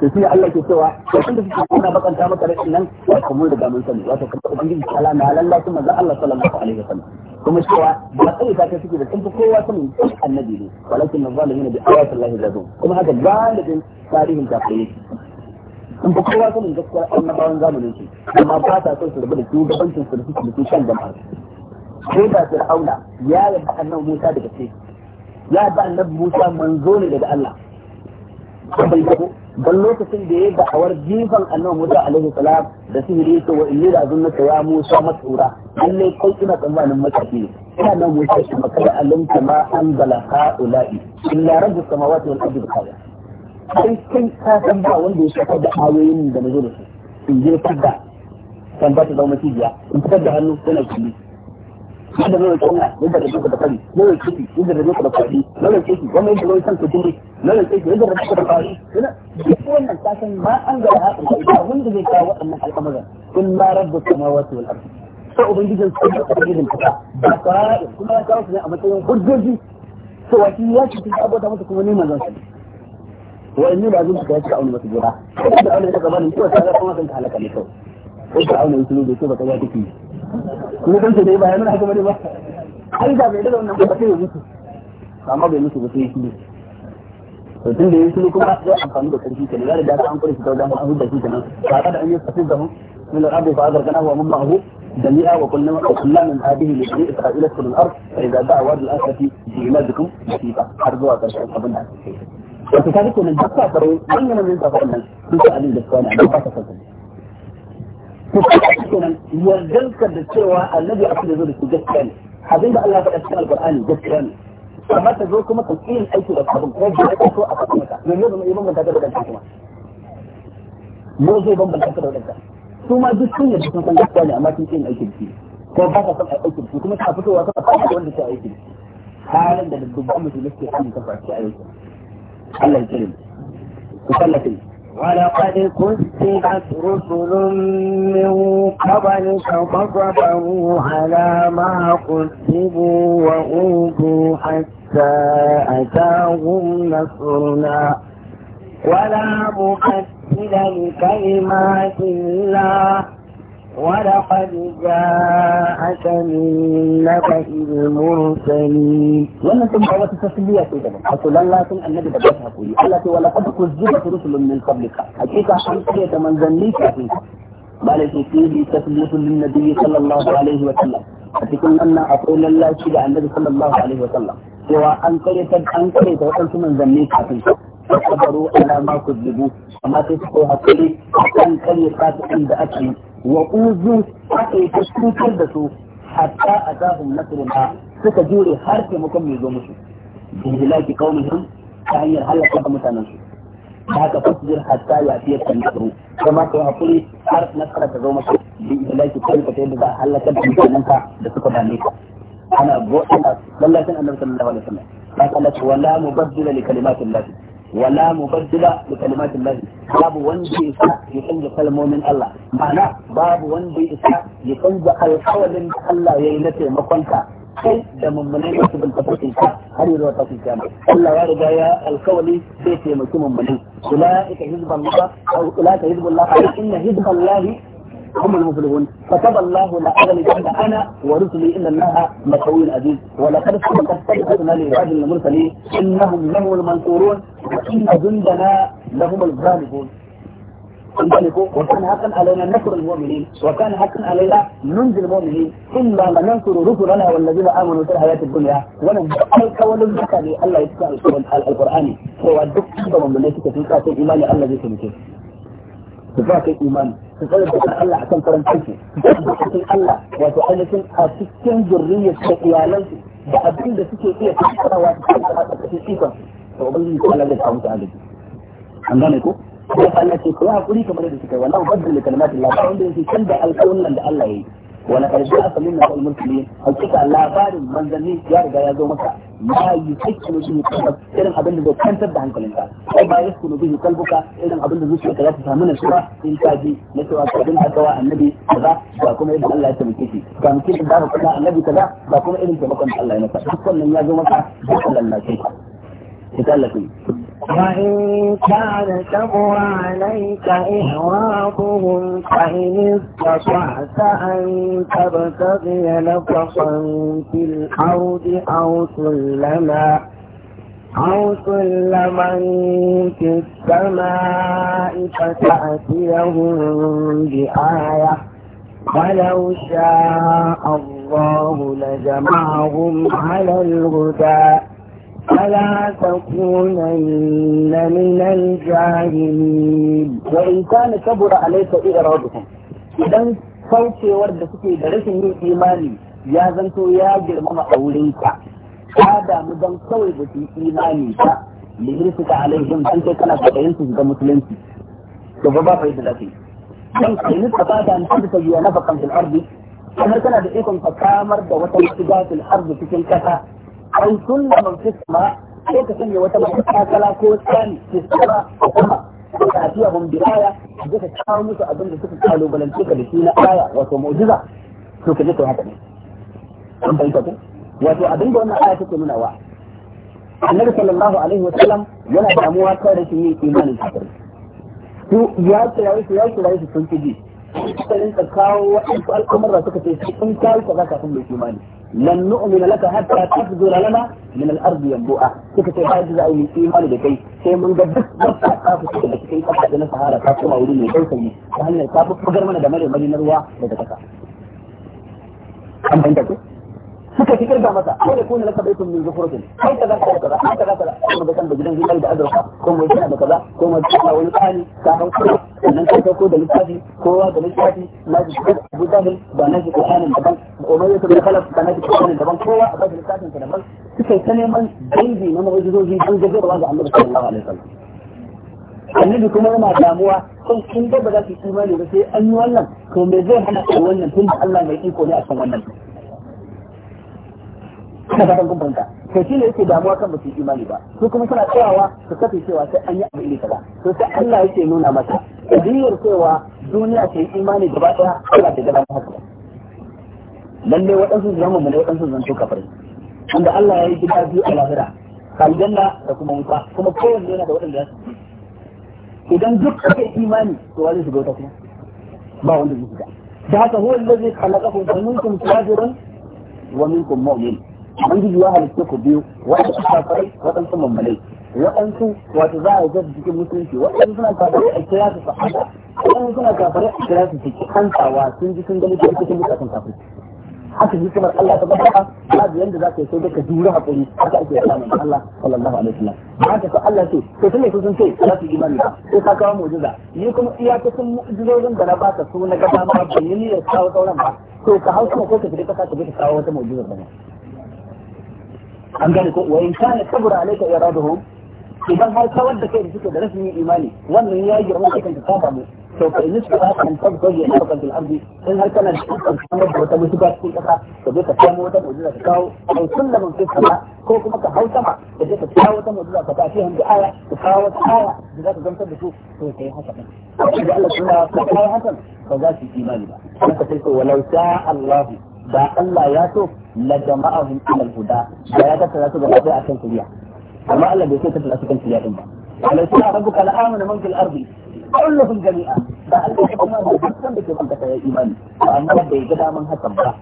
to shi Allah ke cewa to tunda suke kuna bakanta maka rashin nan wato sani wato kuma ubangiji ta na lalla kuma Allah sallallahu alaihi wasallam kuma cewa ba sai ta ta suke da tunda kowa annabi ne walakin man zalimin bi ayati Allah kuma haka galibin tarihin in ba kowa annabawan zamanin su amma ba ta son su rabu shugabancin su da suke da su jama'a da fir'auna ya yarda annabi Musa daga ya yarda annabi Musa manzo ne daga Allah bai ko dan lokacin da ya da'awar jifan annabi Musa alaihi salam da sihiri to wa inni ta ya Musa masura lalle kai ina tsammanin makafi ne ina nan Musa shi makar alimta ma anzala ha'ula'i illa rabbus samawati wal ardi bikaya kai kai ka san ba wanda ya shafa da ayoyin da nazo da su in je fadda san ba ta zama cibiya in fitar da hannu yana kulli ba da nawa kuma yadda da duka da fari nawa kiki yadda da duka da fari nawa kiki wanda yadda da kan kudi nawa kiki yadda da duka da fari duk wannan ta san ma an ga haka ba da zai kawo wannan al'amuran in ma rabbu samawati wal ardi sai ubangijin da ubangijin ta ba fara kuma ya kawo su ne a matsayin hujjoji to wa shi ya ci ta abota masa kuma neman zan su wa inni la ka yaka auni masa jira da auni ta gabanin to ga kuma kan halaka ne kawai ko ta su ne da to ba take kuma kan dai ba yana haka bane ba ai da bai da wannan ba sai ya mutu amma bai mutu ba sai shi to tun da yake kuma sai amfani da karfi kenan da riga an fara shi ta wajen an huda shi kenan ba da an yi tafsir da mu من الأرض فأدركناه ومن a جميعا وكلنا وكلنا من هذه لبني إسرائيل اسكنوا الأرض فإذا دعوا واد الآخرة بإيمانكم نصيبا أرجو أن تشعر قبلها وكذلك من دقة ترون أين من دقة a سؤال الإسلام عن دقة تفضل ku kenan yardanka da cewa annabi a da zo da su gaskiya ne abin da Allah faɗa cikin alƙur'ani gaskiya ne amma ta zo kuma ka yin aiki da abin ko da ta so a faɗa maka ne ne zama bambanta da ta da kanta kuma mu zai bambanta ta da wadanda. su ma duk sun yadda sun san gaskiya ne amma sun yin aiki da shi ko ba ka son a aiki da shi kuma ta fitowa ka faɗa wanda ta aiki da shi halin da dubban mutum yake kan kafa shi a aiki. Allah ya kare mu ku sallata ولقد كذبت رسل من قبلك فصبروا على ما كذبوا وأوذوا حتى أتاهم نصرنا ولا مبدل لكلمات الله ولقد جاءت من نبأ المرسلين لما تم قوات التسلية سيدة حصل الله تم أن نبي تبعثها قوي التي ولقد كذبت رسل من قبلك حقيقة حمسية من ذنيك فيها بل فيه تسلية للنبي صلى الله عليه وسلم فتكون أن أقول الله سيدة عن نبي صلى الله عليه وسلم سوى أنكر يتد أنكر يتوصل من ذنيك فيها فاصبروا على ما كذبوا وما تسقوا حقيقة أنكر يتد أنكر يتد wa uzu aka yi cutar da su hatta a zahun zafin nasirina suka jure har taimakon mai zo musu bihilaki kaunihim ta hanyar halaka da mutanen su haka fasbir hatta ya fiye da nasaru kuma kai haƙuri har nasara ta zo maka bihilaki kanka ta yadda za a halaka da mutanen ka da suka dame ka ana go ana lallacin annabi sallallahu alaihi wasallam ta kallata wala mubaddila li kalimatin lafiya ولا مبدل لكلمات الله باب وندي إساء يتنجى كلمة من الله معنى باب وندي إساء يتنجى الحول من الله يينتي مقنطة sai da mummunai masu bin tafarkin ka har yi zuwa tafi kiyama Allah ya riga ya alkawali sai taimaki mummunai ulaika hizballah au ulaika hizballah inna hizballahi هم المفلحون فتب الله لأغلبن أنا ورسلي إلا أنها بقوي عزيز ولقد سبقت سبقتنا لعباد المرسلين إنهم لهم المنصورون وإن جندنا لهم الغالبون وكان حقا علينا نكر المؤمنين وكان حقا علينا ننجي المؤمنين الا لننصر رسلنا والذين امنوا في الحياه الدنيا وننصر الكون الذكري الله يتبع القران هو الدكتور من ليس في الايمان الذي تمكن تفاقئ الايمان su tsaye da Allah a akan farin ciki cikin Allah wato ainihin a cikin zurriyar da iyalansu da abin da suke iya tattarawa su kan a cikin ikon to ubangiji ko Allah zai kawo ta an gane ko sai Allah ce ko hakuri kamar da suka yi wannan baddala kalmatin Allah ba wanda yake canza alƙawarin da Allah ya yi ولقد جاء كلمة المسلمين الكتاب لا بار من ذني يار جاي زوما ما يسكن به قلبك إذا أبدا ذو كان تبع عن كلمة أو ما يسكن به قلبك إذا أبدا ذو شيء كلا تفهمون الشرع إن كذي نسوا كذين أتوا النبي كذا بقوم إذا الله يسمكتي كان كذا بقوم كذا النبي كذا بقوم إذا كذا الله ينصر حقا لن يزوما كذا الله كذا كذا لكم وإن كان كبر عليك إعراضهم فإن استطعت أن تبتغي نفقا في الأرض أو سلما أو سلما في السماء فتأتيهم بآية ولو شاء الله لجمعهم على الهدى فلا تكونن من الجاهلين وإن كان كبر عليك إعراضهم إذا kaucewar da suke da rashin yin imani ya zanto ya girmama aurenka ka damu don kawai da su imani ka lihir su ka alaihim don kai kana su ga musulunci to ba ba fa yadda zafi don kai nuka ba da mutum ta biya nafakan fil ardi kamar kana da ikon ka da wata shiga fil ardi cikin kasa ai kullum man fi sama sai ka sanya wata mai kala ko tsani ke sama a sama ka ajiya bun bilaya da ka kawo musu abin da suka kalubalance ka da shi na aya wato mu'jiza to ka je ka haka ne an bai ko wato abin da wannan aya take nuna wa annabi sallallahu alaihi wa sallam yana damuwa kawai da shi imanin kafiri su ya tsaya su ya tsaya su sun fi suka ka kawo da al'amurra suka ce sai kun kawo kaza kafin mai imani lan nu'mina laka hatta tafzura lana min al-ardi yanbu'a suka ce ba za a yi imani da kai sai mun ga duk wata kafa suka da cikin kafa da na sahara ta kuma wuri mai dausayi ta hanyar ta fi mana da mare mari na ruwa daga kasa an fahimta ko suka fikir da masa ai da kuna laka baitun min zufurkin kai kaza kaza kaza kai kaza kaza kuma da kan da gidan gidan da azurfa ko mai kana da kaza ko mai kana wani tsani kafin ko sannan kai ko da ko wa da littafi na ji ko Abu Jahil ba na ji Qur'anin daban mai ya da kala ba na ji Qur'anin daban kowa a bada littafin sa daban suka ta neman dangi na mu'jizoji don gaggarawa da Annabi sallallahu alaihi wasallam annabi kuma yana damuwa kun kin da ba za su imani ba sai an yi wannan to me zai hana wannan tun da Allah mai iko ne a kan wannan kuma ba kun fahimta to shi ne yake damuwa kan ba imani ba su kuma suna cewa su kafe cewa sai an yi abu iri kaza to sai Allah yake nuna mata kadiyar cewa duniya ce imani gaba daya Allah ta gaba haka lalle waɗansu zama mu ne waɗansu zanto kafare wanda Allah ya yi gida biyu a lahira aljanna da kuma wuta kuma kowanne yana da waɗanda su idan duk kake imani to wani shiga wuta kuma ba wanda zai shiga da haka huwa allazi khalaqakum fa minkum kafirun wa minkum mu'min ubangiji ya halitta ku biyu waɗansu kafirai waɗansu mammalai waɗansu wato za a zai cikin musulunci waɗansu suna kafirai a kira su sahaba waɗansu suna kafirai a kira su cikin hantawa sun ji sun gani cikin mutakan kafirai haka hikimar Allah ta baka babu yanda za ka yi sai da ka jura hakuri haka ake yana mai Allah sallallahu alaihi wa sallam haka ko Allah ce to sai ku sun ce za su yi imani ba ko ta kawo mu'jiza ni kuma iya ta sun mu'jizozin da na baka su na gaba ma ban yi ya kawo sauran ba to ka hausa ko ka fita ka ka kawo wata mu'jiza ba ne an gane ko wa in kana kabura alayka iraduhum idan har kawar da kai da suke da rashin imani wannan ya yi girman aikin ka ba. mu to fa in su ba kan tabbaje a kan al'ardi in har kana da kan kamar da wata musuba cikin kasa ka je ka samu wata mu'jiza ka kawo ai sunna mun fi kasa ko kuma ka hau sama ka je ka kawo wata mu'jiza ka tafi fihin aya ka kawo wata aya da za ka gamsar da su to kai haka din Allah suna ka kawo hakan ba za su imani ba haka sai ko walau sha Allahu. da Allah ya so la jama'ahum ilal huda da ya tattara su gaba ɗaya akan shari'a amma Allah bai so ta tattara su kan shari'a din ba alayhi sallama rabbuka la amana man fil ardi kulluhum jami'a da Allah ya kuma ba dukkan da ke kan kasa ya imani amma bai ga daman hakan ba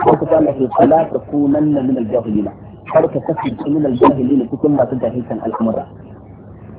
ko ta Allah ke fala takunanna min al-jahilina kar ka kasance min al-jahilina cikin masu jahilkan al'amura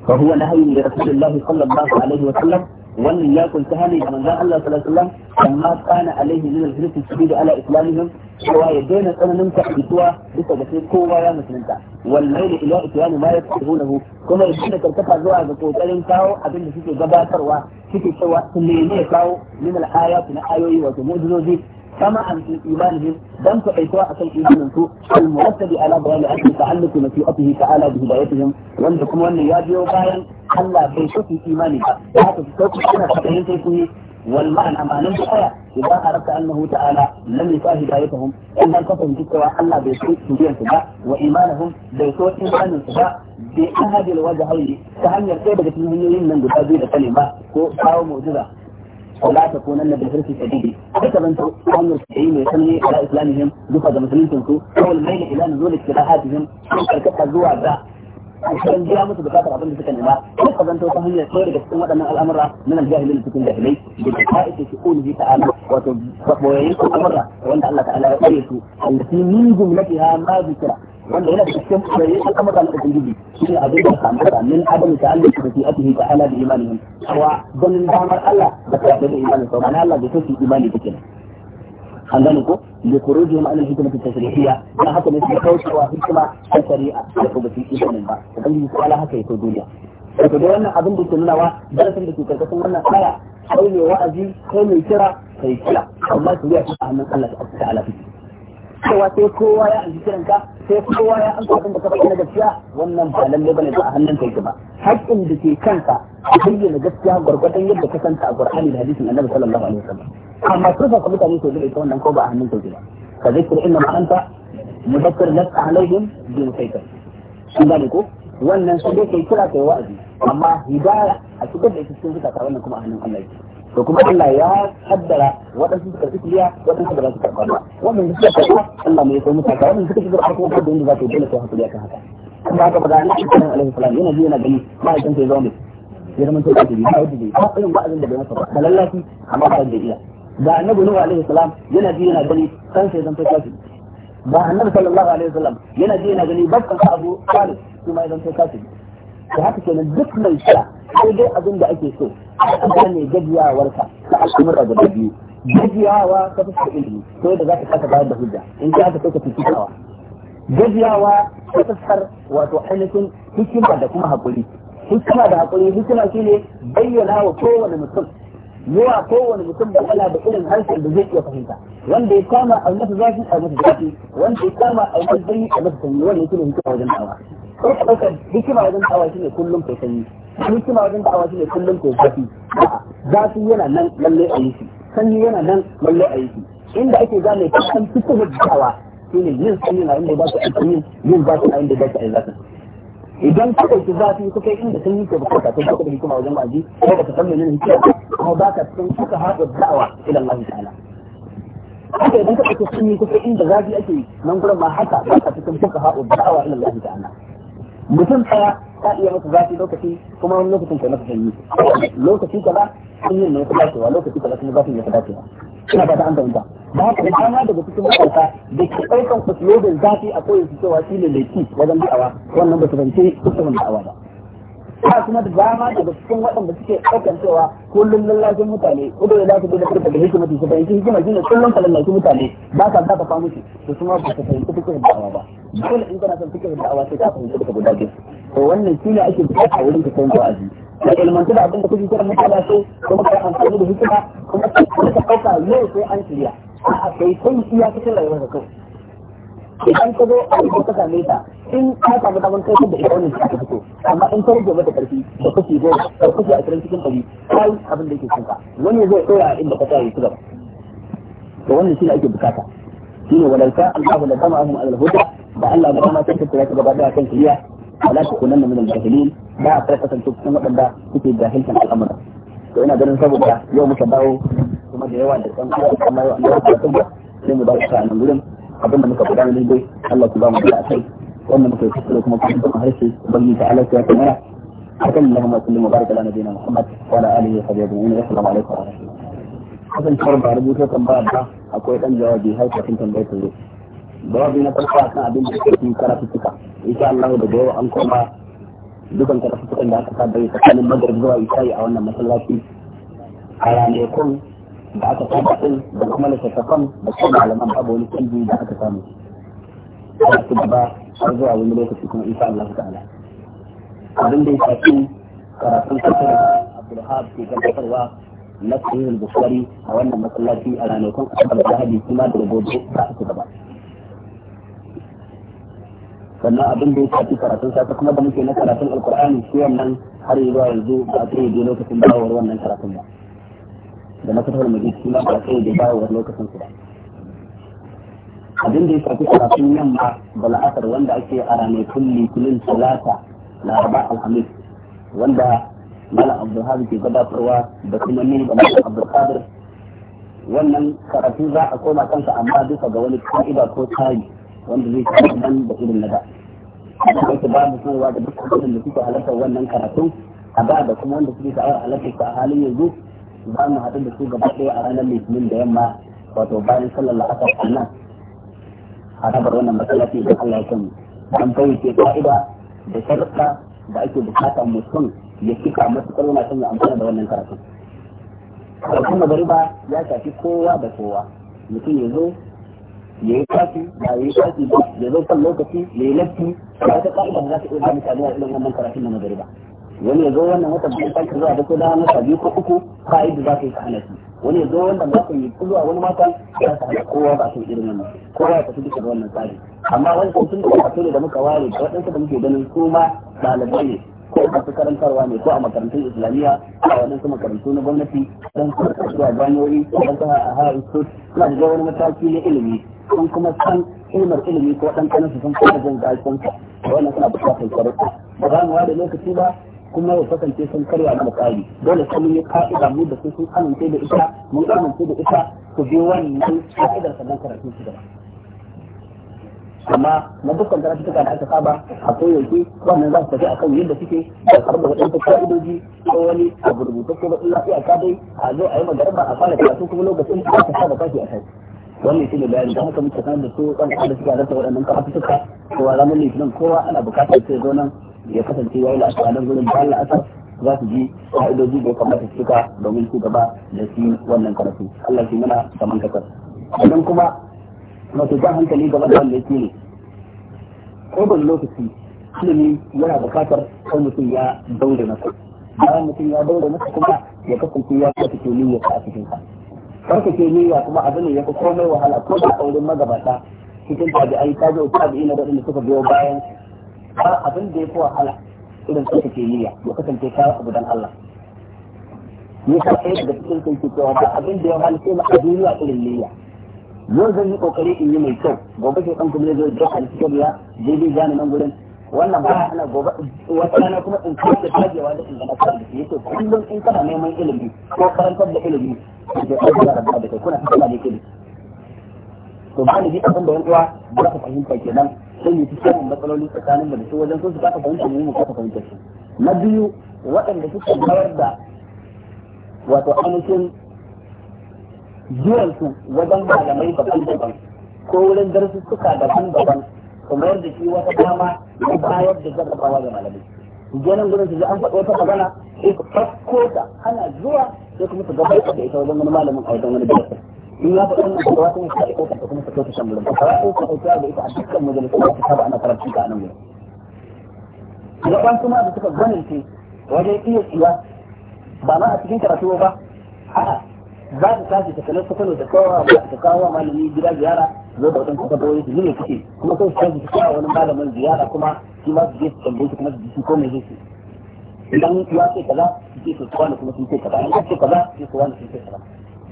فهو نهي لرسول الله صلى الله wa sallam. wannan ya kunta hali da manzon Allah sallallahu alaihi wasallam amma kana alaihi min al-hirsi tubidu ala islamihim cewa ya daina tsananin kafituwa bisa ga sai kowa ya musulunta wallahi ila islami ma yasbunahu kuma ya da karkata zuwa ga kokarin kawo abin da suke gabatarwa suke cewa su ne ne kawo min al-ayati na ayoyi wato mu'jizozi كما في ايمانهم لم تحيطوا أصل ايمانهم سوء المرتب على ضلال اهل تعلق مشيئته تعالى بهدايتهم وانت كما ان ياجي وباين الله بيشوفي ايمانك وهذا الصوت انا فتحين سيكون والمعنى ما الآية إذا أردت أنه تعالى لم يسع هدايتهم إلا أن تفهم تكوى ألا بيسوء سبيل سباء وإيمانهم بيسوء إيمان سباء بأحد الوجهين يرتبك من في من قبل كلمة أو موجودة او لا تكونن بالحرس الشديد حتى بنتو عام التسعين يسمي على اسلامهم دفع المسلمين تنسو هو الميل الى نزول اتباعاتهم تركتها الزوع الباء عشان جامعة بكاتة عظم بسكن الله حتى بنتو فهم يسير قسم وقت من الامر من الجاهل اللي تكون جاهلي بالحائط تقوله تعالى وتصبه يسو الامر وانت الله تعالى يسو التي من جملتها ما ذكره wanda yana da cikin kare a kama kan ubangiji shi ne abin da samu da min adam ta Allah da fi'atihi ta ala da imani kawa don damar Allah da ta da imani to mana Allah da take imani take ne an gane ko da kuroji ma alal hikmatu tashri'iyya dan haka ne sai kaucewa hikima ta shari'a da kuma cikin imani ba ubangiji ko Allah haka yake duniya to da wannan abin da ke nuna wa darasin da ke karkashin wannan aya kai ne wa'azi kai ne kira kai kira amma su yi a hannun Allah ta ta'ala fiki cewa sai kowa ya ajiye kiranka sai kowa ya amsa abin da ka faɗi na gaskiya wannan ba lalle bane ba a hannun kai ba haƙƙin da ke kanka a bayyana gaskiya gwargwadon yadda ka santa a Qur'ani da hadisin Annabi sallallahu alaihi wasallam amma turfa ka mutane su da ita wannan ko ba a hannun kai ba ka zikir inna ma anta mudakkar lak alaihim bi musaitar Sun ba ko wannan sai dai kai kira kai wa'azi amma hidaya a cikin da ita cikin zakata wannan kuma a hannun Allah yake to kuma Allah ya haddara waɗansu suka fi kiliya waɗansu da za su karɓa ba wannan suka karɓa Allah mai sai mutaka wannan suka shiga harkar kuma da wanda za ta dole sai hakuri akan haka kuma haka ba da Allah kan alaihi salam yana ji yana gani ma'aikin sai zaune ya zama sai kafiri ba wanda bai ba irin ba'azin da bai masa ba lallafi amma ba da iya da annabi nuhu alaihi salam yana ji yana gani san sai zan fata kafiri ba annabi sallallahu alaihi wasallam yana ji yana gani bakkan abu talib kuma ya zan fata kafiri da haka kenan duk mai sha sai dai abin da ake so a gane gajiyawarka ta al'amura guda biyu gajiyawa ta fuskar ilimi ko da za ka kasa bayar da hujja in ka aka sai ka fifitawa gajiyawa ta fuskar wato ainihin hikima da kuma haƙuri hikima da haƙuri hikima shine bayyana wa kowane mutum zuwa kowane mutum da ana da irin harshen da zai iya fahimta wanda ya kama a masa zafi a masa zafi wanda ya kama a masa sanyi a masa wanda ya shine hikima wajen da'awa ko ka dauka hikima wajen da'awa shine kullum kai sanyi hikima wajen da'awa shine kullum kai zafi zafi yana nan lalle a yi sanyi yana nan lalle a yi inda ake gane kan fitar da da'awa shine yin sanyi na inda ba su a yin ba su a inda ba su a yi idan kuka ɗauki zafi kuka yi inda sun yi ke bukata to kuka da kuma wajen wa'azi ko ba ka san menene hikima kuma ba ka cikin kuka haɗa da'awa ila Allah ta'ala haka idan ka ɗauki sun yi kuka inda zafi ake nan gurin ma haka ba ka cikin kuka haɗa da'awa ila Allah ta'ala mutum tsaya ta iya masa zafi lokaci kuma wani lokacin kai masa sanyi lokaci ba sun yi ya dacewa lokaci kaza kuma zafin ya dacewa ina ba ta an fahimta da haka dama daga cikin makwabta da ke ɗaukan da zafi a koyar su cewa shi ne laifi wajen da'awa wannan ba su fahimci usulun da'awa ba ba kuma da dama daga cikin waɗanda suke ɗaukan cewa kullum lallashin mutane kudu da su da furta da hikima su fahimci hikima shi ne kullum ka lallacin mutane ba ka zafafa musu su kuma ba su fahimci fikirin da'awa ba dole in kana son da sai ka fahimci biyu to wannan shi ne ake bukata wurin ka wa'azi da ilmantu da abin da kuke kira mutane so kuma ka amfani da hikima kuma ka ɗauka yau an shirya a'a kai kai iya cikin rayuwar ka idan ka zo a ko ka same ta in ka samu daman kai da ita wannan fito amma in ka rage mata karfi da kuke a cikin cikin dari kai abin da yake wani zai tsaya inda ka tsaya gaba to wannan shi ne ake bukata da Allah ba ma sai ka kira ka gaba da kan kiriya wala ta kunan min al-jahilin ba a fara kasance cikin waɗanda suke jahilcin al'amura to ina ganin saboda yau muka dawo kuma da yawa da kan kuma yau Allah ya tsaya sai mu dawo a nan gurin abin da muka gudanar dai Allah ku ba mu da kai wannan muka yi kuma kuma harshe ubangiji ta Allah ya kamara akan Allahumma salli wa barik ala nabiyyina Muhammad wa ala alihi wa sahbihi ajma'in assalamu alaikum wa rahmatullahi kasancewar ba rubuta tambaya ba akwai dan jawabi har kafin tambayar ta zo babu na farko a kan abin da ke cikin karatuttuka isa Allah daga yau an koma dukan karatuttukan da aka saba yi tsakanin magrib zuwa isha'i a wannan masallaci a ranakun da aka saba din da kuma littattafan da kuma malaman babu wani canji da aka samu a su gaba har zuwa wani lokaci kuma isa Allah ta ta'ala abin da ya shafi karatun kasar Abdulhab ke gabatarwa na sahihul Bukhari a wannan masallaci a ranakun asabar da hadi kuma da gobe da aka gaba. sannan abin da ya shafi karatun safe kuma da muke na karatun alkur'ani shi wannan har zuwa yanzu ba a tsaye lokacin dawowar wannan karatun ba da masafar mai shi ba a tsaye dawowar lokacin su ba abin da ya shafi karatun yamma da la'asar wanda ake a ranakun litinin talata laraba alhamis wanda malam abdulhadu ke gabatarwa da kuma ni da malam abdulkadir wannan karatu za a koma kansa amma bisa ga wani ka'ida ko tsari wanda zai kuma nan da irin na da kuma ba mu sanarwa da duk irin da suka halarta wannan karatun a da da kuma wanda suke sa'ar halarta su a halin yanzu za mu haɗu da su gaba ɗaya a ranar litinin da yamma wato bayan sallar la'asar nan. a rabar wannan matsalafi da Allah ya sani an ke ka'ida da sharuɗa da ake bukata mutum ya cika matuƙar yana son ya amfana da wannan karatun. Karatun magariba ya shafi kowa da kowa mutum ya zo ya yi kafi ba ya yi kafi ba ya zo kan lokaci ya yi lafi ba ta ƙa'ida ba za ta iya ba mutane a irin wannan karatun da nazari ba wani ya zo wannan wata biyu sake zuwa da ko da masa biyu ko uku fa'idi za ka yi ka hana shi wani ya zo wannan ba ka yi zuwa wani mata ya sa hana kowa ba su irin wannan kowa ya tafi duka da wannan tsari amma wani kuma tun da ba ne da muka ware da waɗansu da muke ganin su ma ɗalibai ne ko masu karantarwa ne ko a makarantun islamiyya a waɗansu makarantu na gwamnati don zuwa ganyoyi don a high school suna da wani mataki na ilimi sun kuma san ilmar ilimi ko ɗan ƙanan su sun kuma jin gashinsa wannan suna buƙatar karatu ba za mu wada lokaci ba kuma ya kasance sun karya da tsari dole sai mun yi ka'ida mu da su sun amince da ita mun amince da ita ku bi wannan ka'idar sannan karatu su gaba amma na dukkan karatuka da aka saba a koyaushe wannan za su tafi kan yadda suke da karɓar da ɗansu ka'idoji ko wani abu rubutu ko baɗin lafiya ka dai a zo a yi ba a fara karatu kuma lokacin da aka saba tashi a kai wannan shi ne bayani don haka muke sanar da su ɗan da suka rasa waɗannan karatuka ko a ranar litinin kowa ana buƙatar sai zo nan ya kasance ya yi la'asa a nan gudun bayan la'asar za su ji ka'idoji da ya kamata su cika domin su gaba da shi wannan karatu Allah shi mana saman kasar. Idan kuma masu jan hankali ga wanda wanda yake ne kowane lokaci ilimi yana bukatar kan mutum ya daure masa bayan mutum ya daure masa kuma ya kasance ya kasa ke niyya a cikin sa ka ke niyya kuma abu ne ya fi komai wahala ko da aurin magabata cikin tabi'ai ta zo biyu na da suka biyo bayan ba abin da ya fi wahala irin suka ke niyya ya kasance ta abu dan Allah ni ka sai da cikin sun ke cewa ba abin da ya wahala sai ma a duniya irin niyya yau zan yi kokari in yi mai kyau gobe sai kan kuma zai ga alkiyariya daidai gane nan gurin wannan ba ana gobe wata rana kuma in kai da tajewa da in gana kawai da yake kullum in kana neman ilimi ko karantar da ilimi da kai da rabba da kai kuna tattauna da ilimi to ba ni ji abin da yankuwa ba ka fahimta kenan sai ne cikin matsaloli tsakanin da su wajen su ba ka fahimta ne mu ka fahimta su na biyu waɗanda suka bayar da wato amincin zuwansu wajen malamai daban-daban ko wurin darussuka daban-daban kuma da shi wata dama ya bayar da jarrabawa ga malamai genan gudun su an faɗo ta magana sai su farko ta ana zuwa sai kuma su gabatar da ita wajen wani malamin a wajen wani darasi in ya faɗi wannan fatawa sun ka aiko ta kuma fito ta shan gurin fatawa ko ta aiko da ita a dukkan majalisar da ta saba ana karatu ta nan gurin gaban kuma da suka gwanince wajen iya tsiya ba ma a cikin karatu ba a'a za ta tashi ta kalar kwatano da kawo ta kawo malami gida ziyara zo da wadansu kwatanoni su ne kuke kuma sai su tashi su kawo wani malamin ziyara kuma shi ma su je su tambaye su kuma su jisi ko mai zai idan ya ce kaza su ce su kwana kuma sun ce kaza ya ce kaza su ce kwana sun ce kaza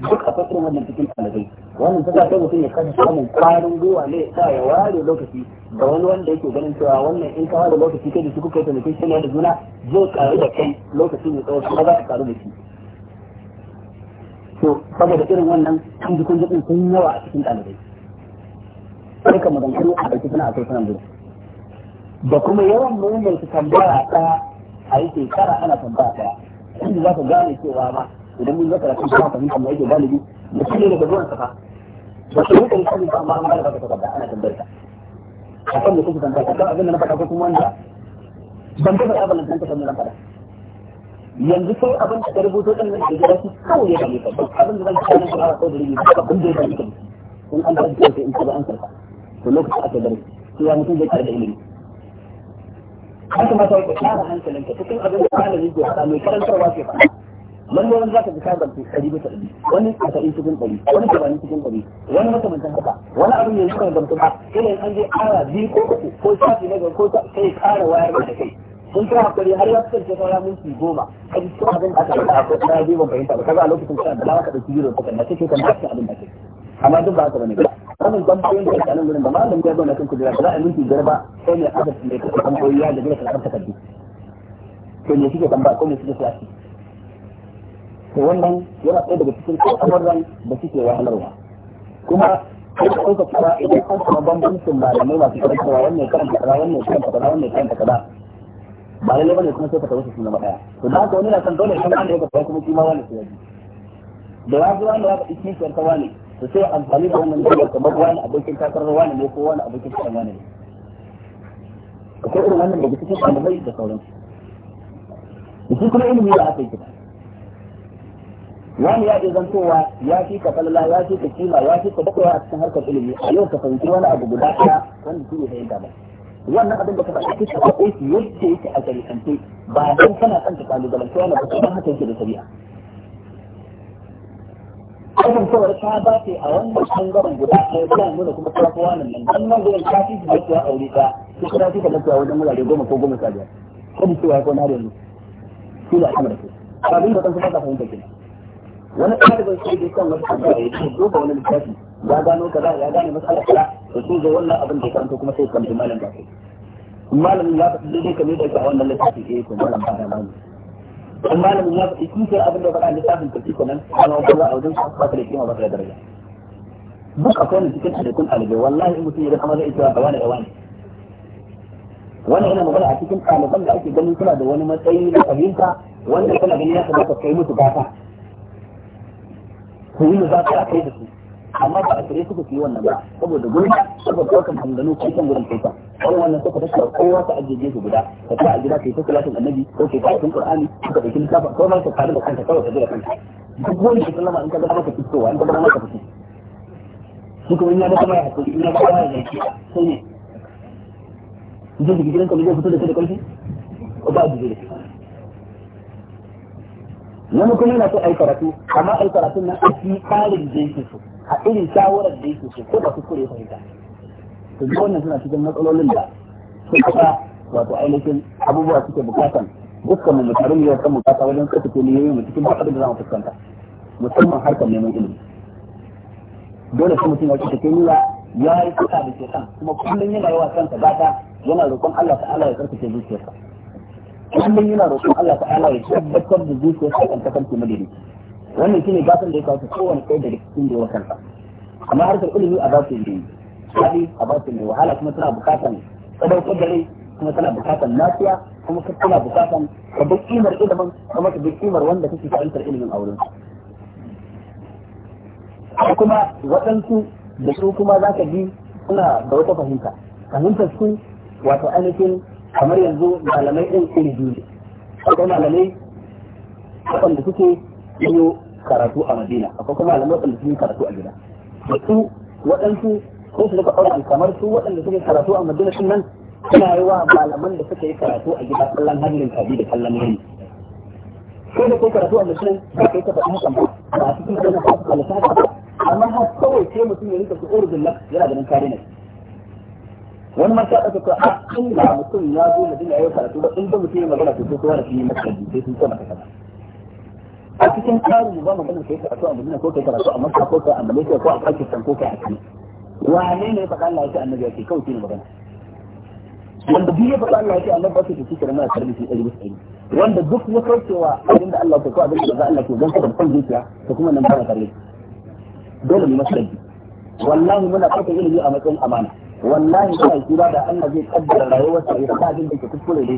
duk akwai irin wannan cikin talibai wannan ta sa mutum ya kasa samun kwarin gwiwa ne sa ya ware lokaci da wani wanda yake ganin cewa wannan in ka ware lokaci kai da su kuka yi taimakon shi ne da juna zai karu da kai lokacin ya tsawo kuma za ka karu da shi to saboda irin wannan kunji jikin jikin sun yawa a cikin ɗalibai sai ka maganganu a ɗauki suna a kai sanan gudu da kuma yawan mai su tambaya ta a yi shekara ana tambaya ta inda za ka gane cewa ba, idan mun zaka rafi kuma fahimta mai yake galibi da shi ne daga zuwan safa ba su rika kan ba amma an ba ka baka ana tambayar ta a kan da kuka tambaya ta abin da na faɗa ko kuma wanda ban ta faɗa ba na kan ta kan faɗa yanzu sai abin da ka rubuto ɗin nan da gida shi kawai ya dame ka abin da zan ci nan ba ko da ni ba abin da ya dame ka an ba ka sai in ka an ka to lokacin aka bar shi ya mutum zai tare da ilimi haka ma yi ka tsara hankalin ka cikin abin da ta yi ko faɗa mai karantarwa ke faɗa lalle wani zaka ji kabar ki ɗari bisa ɗari wani ka in cikin ɗari wani ka bani cikin ɗari wani makamantan haka wani abin yanzu kan gamsu ba sai an je ara biyu ko uku ko shafi na ko sai ƙara wayar da kai sun sa hakuri har ya fitar da saura minti goma a cikin abin da aka faɗa a kusa ya ban fahimta ba kaga a lokacin da da za ka ɗauki biro ka kalla kake kan hakki abin da amma duk ba haka bane ba wannan tambayoyin da kanan gurin da malamin ya kan kujera ba za a minti biyar ba sai ne aka tsaye ka tambayoyi ya da zai karɓar takardu to ne suke tambaya ko ne suke so to wannan yana ɗaya daga cikin al'amuran da suke wahalarwa kuma kuma ɗauka cewa idan an samu bambancin malamai masu karantarwa wannan karanta kaza wannan karanta kaza wannan karanta kaza ba lalle bane kuma sai ka tabbata shi na daya to da haka wani na san dole kan wanda da ka kuma shi ma wani sai da ya zuwa da ya faɗi kishiyar ta wani to sai amfani da wannan dole kamar wani abokin takarar wani ne ko wani abokin takarar wani ne akwai irin wannan daga cikin ɗalibai da sauran. da shi kuma ilimi da aka yi kita wani ya iya zantowa ya fi ka falala ya fi ka kima ya fi ka bakwa a cikin harkar ilimi a yau ka fahimci wani abu guda ɗaya wanda shi ne fahimta ba wannan abin da ka faɗa kake ka aiki yadda yake a shari'ance ba dan kana son ka kalubalance wani ba kuma haka ke da shari'a kasancewar ta ba ce a wannan ɓangaren guda ɗaya ta nuna kuma ta kowa nan nan dan nan gurin ta fi da ta aure ta ko kuma ta da ta wajen wurare goma ko goma sha biyar kada cewa ko na da ni shi da kamar ke abin da kan kuma ta fahimta kenan wani ɗalibin sai dai kan wasu tambaya ya ce ko ga wani littafi ya gano kaza ya gane masalar to sai zo wannan abin da ya karanta kuma sai kan malam da kai malamin ya faɗi dai kamar da ka wannan littafi eh to malam ba da malam in malamin ya faɗi kin sai abin da ya faɗa littafin ka ci kenan ana wata a wajen ba ka da kima ba ka da daraja duk akwai wani cikin adadin ɗalibai wallahi in mutum ya kama kamar zai cewa da wani wannan yana magana a cikin ɗaliban da ake ganin suna da wani matsayi na fahimta wanda kana gani ya kamata kai musu gata ku yi mu za kai da su amma ba a kare suka fi wannan ba saboda gurbi saboda ɗaukar maganganu ko kan gurin kaita wani wannan suka tashi kowa ta ajiye su guda ka ta a gida kai ta kulatin annabi ko kai ta cikin qur'ani ka dauki littafi ko ma ka fara da kanka kawai ka jira kanka duk wani ka sallama in ka ga fito wa in ka ga ka fito shi kuma ina ya ga kuma ya hakuri in ya ga kuma ya zaki sai ne idan da gidanka zai fito da kai da kanki ko ba ajiye da wani kuma yana so a yi karatu amma a yi karatun na a fi tsarin jinsu a irin shawarar da yake so ko da kuskure fahimta to duk wannan suna cikin matsalolin da suka sa wato ainihin abubuwa suke bukatan dukkan mu mutare ne kan bukata wajen kasa ko ne yayin cikin duk da zamu fuskanta musamman harkar neman ilimi dole sai mutum ya kike kimiya ya yi kuka da ke kan kuma kullum yana yawa kansa bata yana roƙon Allah ta'ala ya karkace zuciyarsa kullum yana roƙon Allah ta'ala ya tabbatar da zuciyarsa kan kasance madaidaici wannan shine gasar da ya kawo kowane ɗaya daga cikin da ya wakanta amma harkar ilimi a basu ne hali a basu ne wahala kuma tana bukatan sadaukar da kuma tana bukatan lafiya kuma tana bukatan ka bi kimar ilimin kuma ka bi kimar wanda kake fahimtar ilimin a wurin kuma waɗansu da su kuma za ka bi suna da wata fahimta fahimtar su wato ainihin kamar yanzu malamai ɗin iri biyu ne akwai malamai waɗanda suke yi karatu a madina akwai kuma alamar waɗanda sun yi karatu a gida da su waɗansu ko su daga ɗaura kamar su waɗanda suke karatu a madina sun nan suna yi wa malaman da suka yi karatu a gida kallon hannun kabi da kallon rini sai da kai karatu a madina ba kai ka faɗi hakan ba ba a cikin kai na faɗi halitta haka amma har kawai sai mutum ya rika su urudin lak yana ganin kare ne wani ma ta ɗauka a in ba mutum ya zo madina ya yi karatu ba in ba mutum ya magana to sai kowa da shi ne masa sai sun so masa kaza a cikin tsarin ba maganar kai karatu a Madina ko kai karatu a Makka ko kai a Malaysia ko a Pakistan ko kai a Kano wane ne faɗa Allah ya ce annabi ya ce kawai shi ne magana wanda duk ya faɗa Allah ya ce annabi ba su ce kira mana karbi shi ɗari ɗari wanda duk ya kaucewa abin da Allah ya ko abin da za Allah ke ganka da kan zuciya to kuma nan ba na karbi dole mu masa dabi wallahi muna fata ilimi a matsayin amana wallahi kai kira da Allah zai kaddara rayuwar sa ya sa abin da ke kuskure ne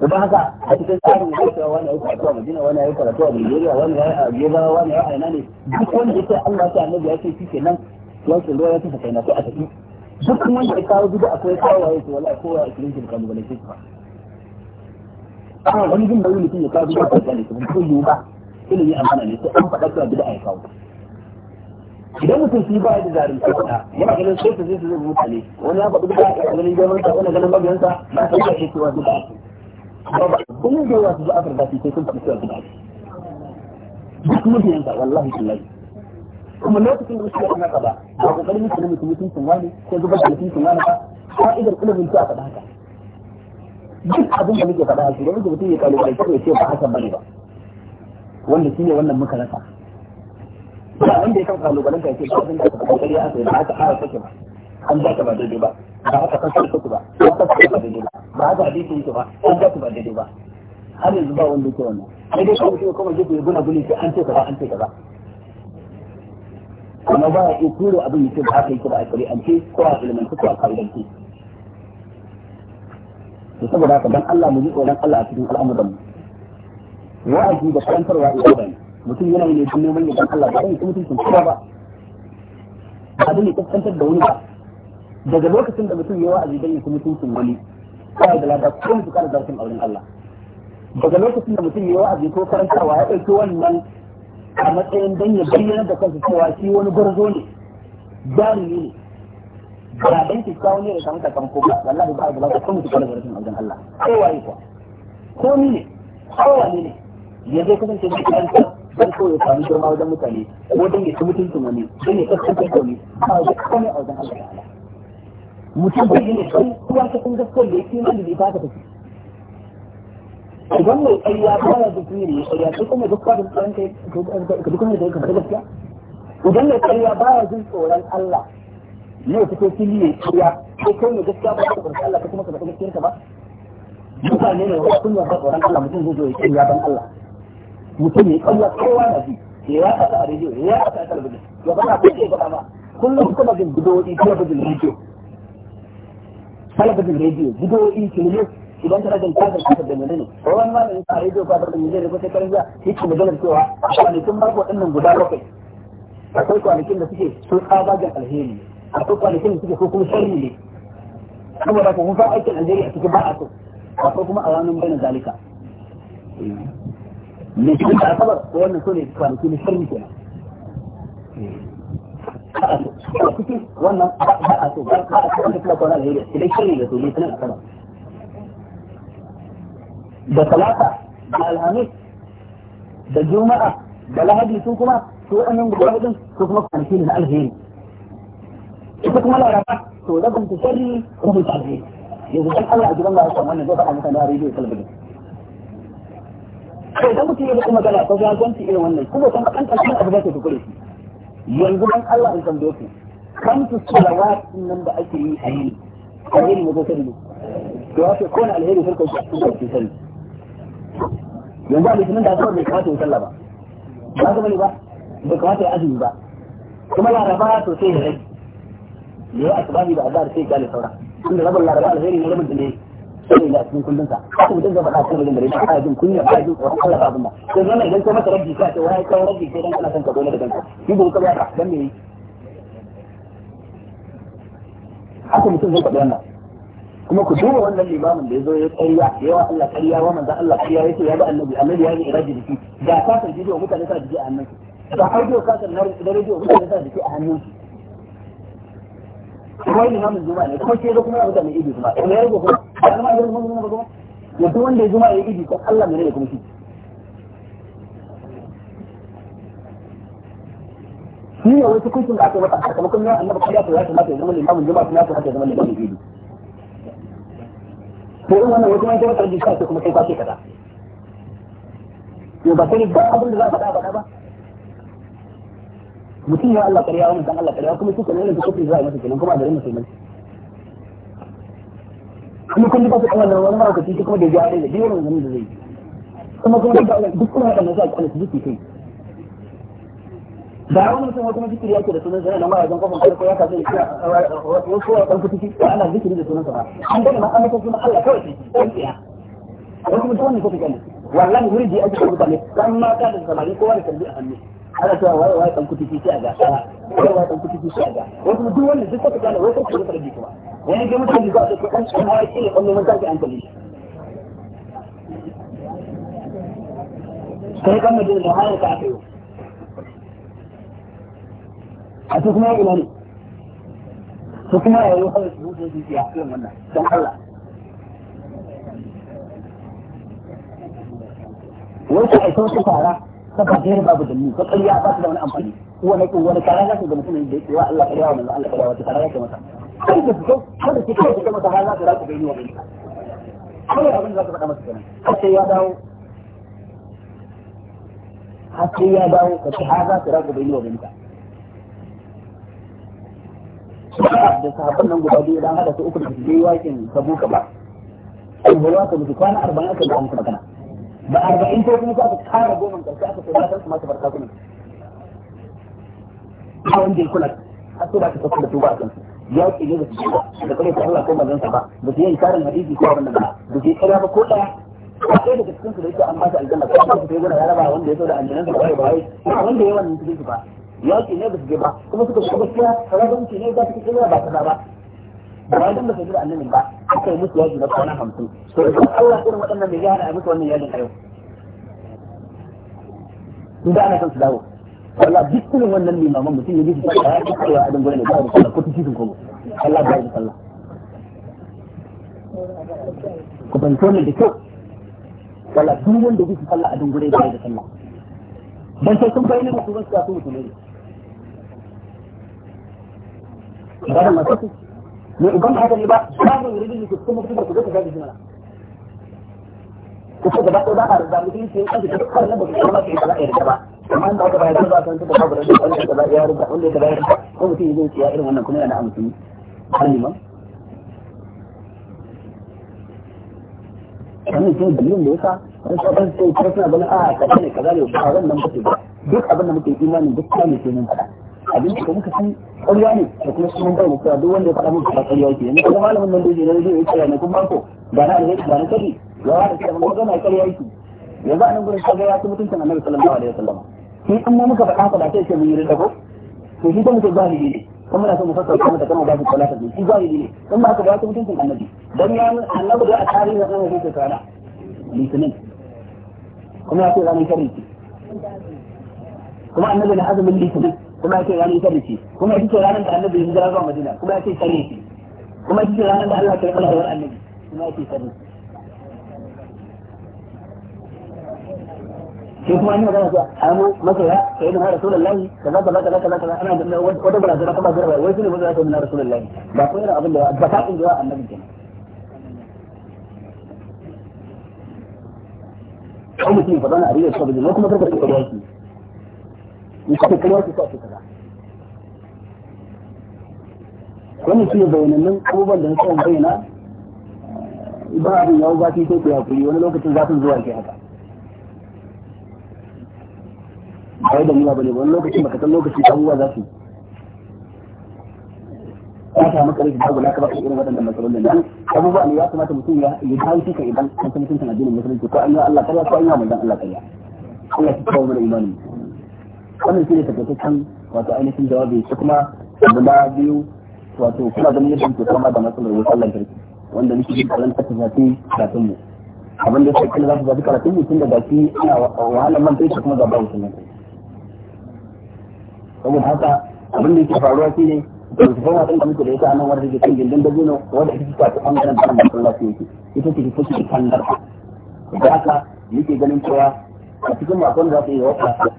ba haka a cikin tsarin da cewa wani ya karatu a Madina wani ya karatu a Nigeria wani ya Abuja wani ya ina ne duk wanda ce Allah ta annabi ya ce shi kenan wasu ruwa ya tafi kaina ko a tafi duk wanda ya kawo duka akwai kawo waye to wallahi kowa a cikin shi kan gaba shi ba wani jin nauyi mutum ya kawo duka ko kane ko yi ba ilimi amana ne sai an faɗa cewa duka ya kawo idan mutum shi ba da zarin kuɗa yana ganin sai su zai su zai mutane wani ya faɗi duka a ganin gaban sa wani ganin mabiyansa ba sai ya ce cewa duka kullum da yawa su zuwa afirka su sai sun faɗi cewa bid'a duk mabiyansa wallahi tallahi kuma lokacin da muke ana ba ba kokarin muke da mutum mutum sun wani ko zubar da sun wani ba fa'idar ilimin a faɗa haka duk abin da muke faɗa haka da muke mutum ya kalu bai ya ce ba haka bane ba wanda shi ne wannan muka rasa ba wanda ya kan kalu bai ya ce ba abin da aka faɗa kariya aka yi ba haka ara kake ba an ba ka ba daidai ba ba haka kasar kake ba ba haka ba daidai ba ba haka hadisi yake ba an ta ba daidai ba har yanzu ba wanda yake wannan sai dai kawai kuma yake ya guna guni sai an ce ba an ce ba. amma ba ya tura abin yake ba haka yake ba a shari'ance ko a ilmance ko a kaidance to saboda haka dan Allah mu ji tsoron Allah a cikin al'amuran mu wa'azi da karantarwa ibada ne mutum yana yi ne don neman yardan Allah ba sai mutum sun kuma ba ba da ya kaskantar da wani ba daga lokacin da mutum ya wa'azi dan ya mutuncin wani ba da lada ko su kara zarfin aurin Allah daga lokacin da mutum ya wa'azi ko karantarwa ya ɗauki wannan a matsayin don ya bayyana da kansa cewa shi wani gwarzo ne jarumi ne ba don ki kawo ne da ta sakamako ba wallahi ba da lada ko su kara zarfin aurin Allah ko waye kuwa ko ni ne ko wani ne ya zai kasance da karanta dan ko ya sami girma wajen mutane ko dan ya ci mutuncin wani dan ya kasance da wani ba da komai a wajen Allah mutum zai ne kai kuwa ta kun da yake nan da bai fata idan mai fara da kuma ne ya kuma duk kwadin tsaron kai ka duk da ka gaskiya idan mai jin tsoron Allah ne fili ko kai gaskiya ba ka tsoron Allah kuma ka ba mutane ne ba tsoron Allah mutum zai zo ya Allah mutum ya kowa na ji ya a rediyo ya a talabijin ya ya ba kullum kuma jin bidowi talabijin rediyo bidiyoyi kilomita idan ka rajin ta zarta da mai ne ko wani malamin sa rediyo ba da mai ne ko sai karin ya yake maganar cewa kwanakin ba nan guda bakwai akwai kwanakin da suke sun tsabagen alheri akwai kwanakin da suke ko kuma sharri ne ba ku mun fa aikin alheri a cikin ba a so akwai kuma a ranar bayan zalika ne eh. cikin da asabar wannan so ne kwanaki na sharri kenan eh. wannan ba a so ba a so da kuma kwanar alheri idan shirin da su ne sanar asabar da talata da alhamis da juma'a da lahadi su kuma su waɗannan guda hudun su kuma kwanaki na alheri ita kuma laraba to rabin ta sharri rabin ta alheri yanzu dan Allah a gidan ba a san wannan zai faɗa mutane a rediyo talabijin kai idan mutum ya da kuma gana ko jagoranci irin wannan kuma kuma kan kan abu ba ta tukure shi yanzu dan Allah in tambaye ku kan su salawat nan da ake yi a yi alheri ne ko sirri to ya ce kona alheri sai ko shi da shi sirri yanzu a litinin da aka bai kamata ya sallah ba ba ka bane ba bai kamata ya azumi ba kuma laraba to sai ya rage yau a tabani da azhar sai ya kale saura tunda rabin laraba alheri ne rabin da ne sai ga cikin kullun sa haka mutum zai faɗa cikin gudun gare shi ba jin kunya ba jin tsoron Allah ba abin ba sai wannan idan ka masa rabbi ka ce wai ka rabbi sai dan kana son ka dole da kanka shi gobe ka ba ka dan me yi. haka mutum zai faɗi wannan kuma ku duba wannan limamin da ya zo ya ƙarya yawa Allah ƙarya wa manzon Allah ya ce ya ba annabi annabi ya yi iraji da shi da kasar jijiyo mutane sa jiji a hannun su da audio kasar na rediyo mutane sa jiji a hannun su kuma limamin juma'a ne kuma sai zo kuma ya mutane idi kuma kuma ya zo kuma ya zama irin mun ba kuma ya duk wanda ya juma'a ya idi ko Allah ne ne kuma shi shi ne wai hukuncin da aka mata a sakamakon ya annabi kuma ya to ya kamata ya zama limamin juma'a kuma ya kamata ya zama limamin idi to in wannan wajen ya mata da shi kuma sai ba shi kaza yo ba sai ba abin da za ka faɗa ba mutum ya Allah ƙarya wani dan Allah ƙarya kuma suka ne da kufri zai masa kenan kuma da rin musulmai kuma kun ba su Allah da wani marakaci shi kuma da ya da biyu ne da zai kuma kuma da Allah duk kuma da nasa kuma su duki kai da wani mutum kuma zikiri yake da sunan zai na mara zan kofin farko ya kace shi wasu ya ɗan kutuki ko ana zikiri da sunan sa ba an gane ma an mutum kuma Allah kawai sai wasu mutum ne kofin kenan wallahi wuri je ake kuma mutane kan ma ka da samari kowa da kalbi a hannu ana cewa dan a ga dan a ga wasu duk wanda duk suka kana wasu kuma wani ga mutane su kan kile mun take an kalli sai kan mutum da ka aka a cikin ina su kuma ya yi hawa su wannan don Allah wasu su fara saboda jere babu dalili ko ba su da wani amfani wani ko wani kara za su ga mutumin da yawa Allah Allah kai da fito kada kai har za wa kai abin da za faɗa masa kenan ya dawo har sai ya dawo har za wa da sahabban nan guda biyu dan hada su uku da su je yakin tabuka ba. Ai, wani ka mutu kwana arba'in aka da amsa magana. ba arba'in ko kuma aka kara goma karshe aka ce ba ta kuma ta barka kuma a wanda ya kula har sai ba ta tafi da tuba a kansu ya ce ne da su ba da kare ta Allah ko manzon sa ba da su yi karin hadisi ko wannan ba da su yi kira ba ko da ba sai daga cikin su da yake an ba ta aljanna ko kuma sai gona yaraba wanda ya so da aljanna ba ya ba wai ba wanda ya wannan cikin su ba ya ce ne da su ba kuma suka shiga gaskiya karabanci ne da su kira ba ta ba ba duk da su da annabin ba aka yi musu yaji na kwana hamsin to idan Allah irin waɗannan mai jihar a musu wannan yajin a yau in da ana son su dawo Allah duk irin wannan limaman mutum ya bi su ta ya ci cewa a dangane da ba da ko ta cikin kuma Allah ba da sallah ku ban tona da kyau wala duk wanda bi su sallah a dangane da da sallah dan sai sun bayyana da su wasu mutum ne ba da masu ne uban haka ne ba babu yuridin ke kuma kuma ku zaka gaji mana ku gaba ɗaya ba a da mutum ke kanki da dukkan nan ba ku kuma ke yi ba amma da aka bayar da san ta babu da wanda da ya yarda wanda da ya ko mutum yake ciya irin wannan kuma yana amfani hali ma kan ce dalilin da yasa wani sabon sai kuma suna ganin a kaza ne kaza ne ba wannan ba duk abin da muke imanin duk kuma ne ke mun abinci da muka san ƙarya ne da kuma sun bai mu duk wanda ya faɗa muku ba ƙarya yake ne malamin nan ne zai yi ƙarya ne kuma ko ba na ba na ya kai ƙarya yake a nan gurin kaga ya ci mutuncin annabi sallallahu alaihi wasallam shi in mu muka faɗa ku da sai ce mun yi rinda ko to kuma zahiri ne son mu kuma ba su ba ba mutuncin dan ya annabi da a tarihi da annabi ke kana litinin kuma ya ce ranar kuma annabi na azumin litinin kuma yake ranar da ke kuma yake ce ranar da annabi ya hijira zuwa madina kuma yake sare ce kuma yake ce ranar da Allah ya karɓi rayuwar annabi kuma yake sare ke kuma an yi magana cewa a mu masoya sai da rasulullahi kaza kaza kaza kaza kaza ana da wata barazana ta bazara wai shine ta sai da rasulullahi ba ko yana abin da ba ta kun jawa annabi kenan kawai mutum ya faɗa na ariyar sabbin kuma karkar kuka da in ka kuma su sa su kaza wannan shi ne bayanannin abubuwan da na tsawon bayyana ba abin yawon zafi sai ku yakuri wani lokacin zafin zuwa ke haka ba yi da nuna bane wani lokacin baka san lokaci abubuwa zafi. ya ta maka rikin babu naka baka irin waɗanda da nan abubuwa ne ya kamata mutum ya yi ta hankali kai idan mutum san mutum tana addinin musulunci ko an yi Allah karya ko an yi wa Allah karya Allah ya kawo mana imanin wannan shi ne takaitaccen wato ainihin jawabi shi kuma guda biyu wato kuma ganin yadda muke kama da matsalar wutar lantarki wanda muke jin kalanta ta zafi karatun mu abin da sai kila za ta zafi karatun mu tun da gashi ana wahalar man fetur kuma ga babu sunan saboda haka abin da yake faruwa shi ne da su fara da muke da ita a nan wadda take kan gindin dabino wadda ita take ta bangaren da masallaci yake ita ce take kan darka da haka muke ganin cewa a cikin makon da za su yi wata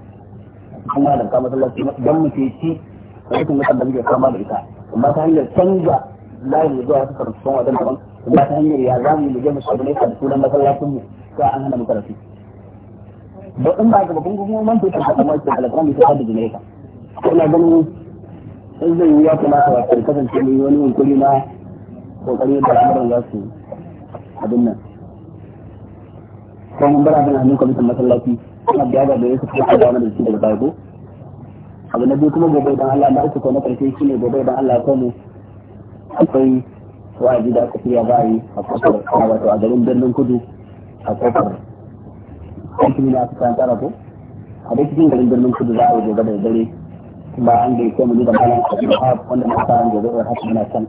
an halarta masallaci don mu ci rashin mutan da muke fama da ita amma ta hanyar canza layi zuwa wasu karfafan wajen daban amma ta hanyar ya za mu yi mu shabu nesa da sunan masallacin mu sai an hana mu karatu da in ba ga babban hukumomin ta ta kuma ce alƙalam ta hada ka, ina ganin in zai yi ya kamata wa kan kasance ne wani yunkuri na kokari da al'amuran za su abin nan kuma mun bara hana hannun kwamitin masallaci kuma da yaga da yake kuma da wani shi daga abu na biyu kuma gobe dan Allah na uku ko na karshe shine gobe dan Allah ko mu akwai waji da aka fiya ba yi a kofar wato a garin birnin kudu a kofar kuma da aka tsara ko a dai cikin garin birnin kudu za a yi gobe da dare ba an da ko mu da malam Abdulhab wanda muka fara gobe da haka muna san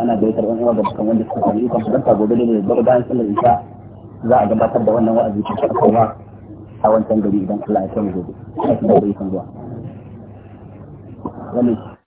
ana da yatar wani wanda kan wanda suka yi da gobe da bayan sallar da za a gabatar da wannan wa'azi ta kowa a wancan gari idan Allah ya kai mu gobe. bai san zuwa. Wani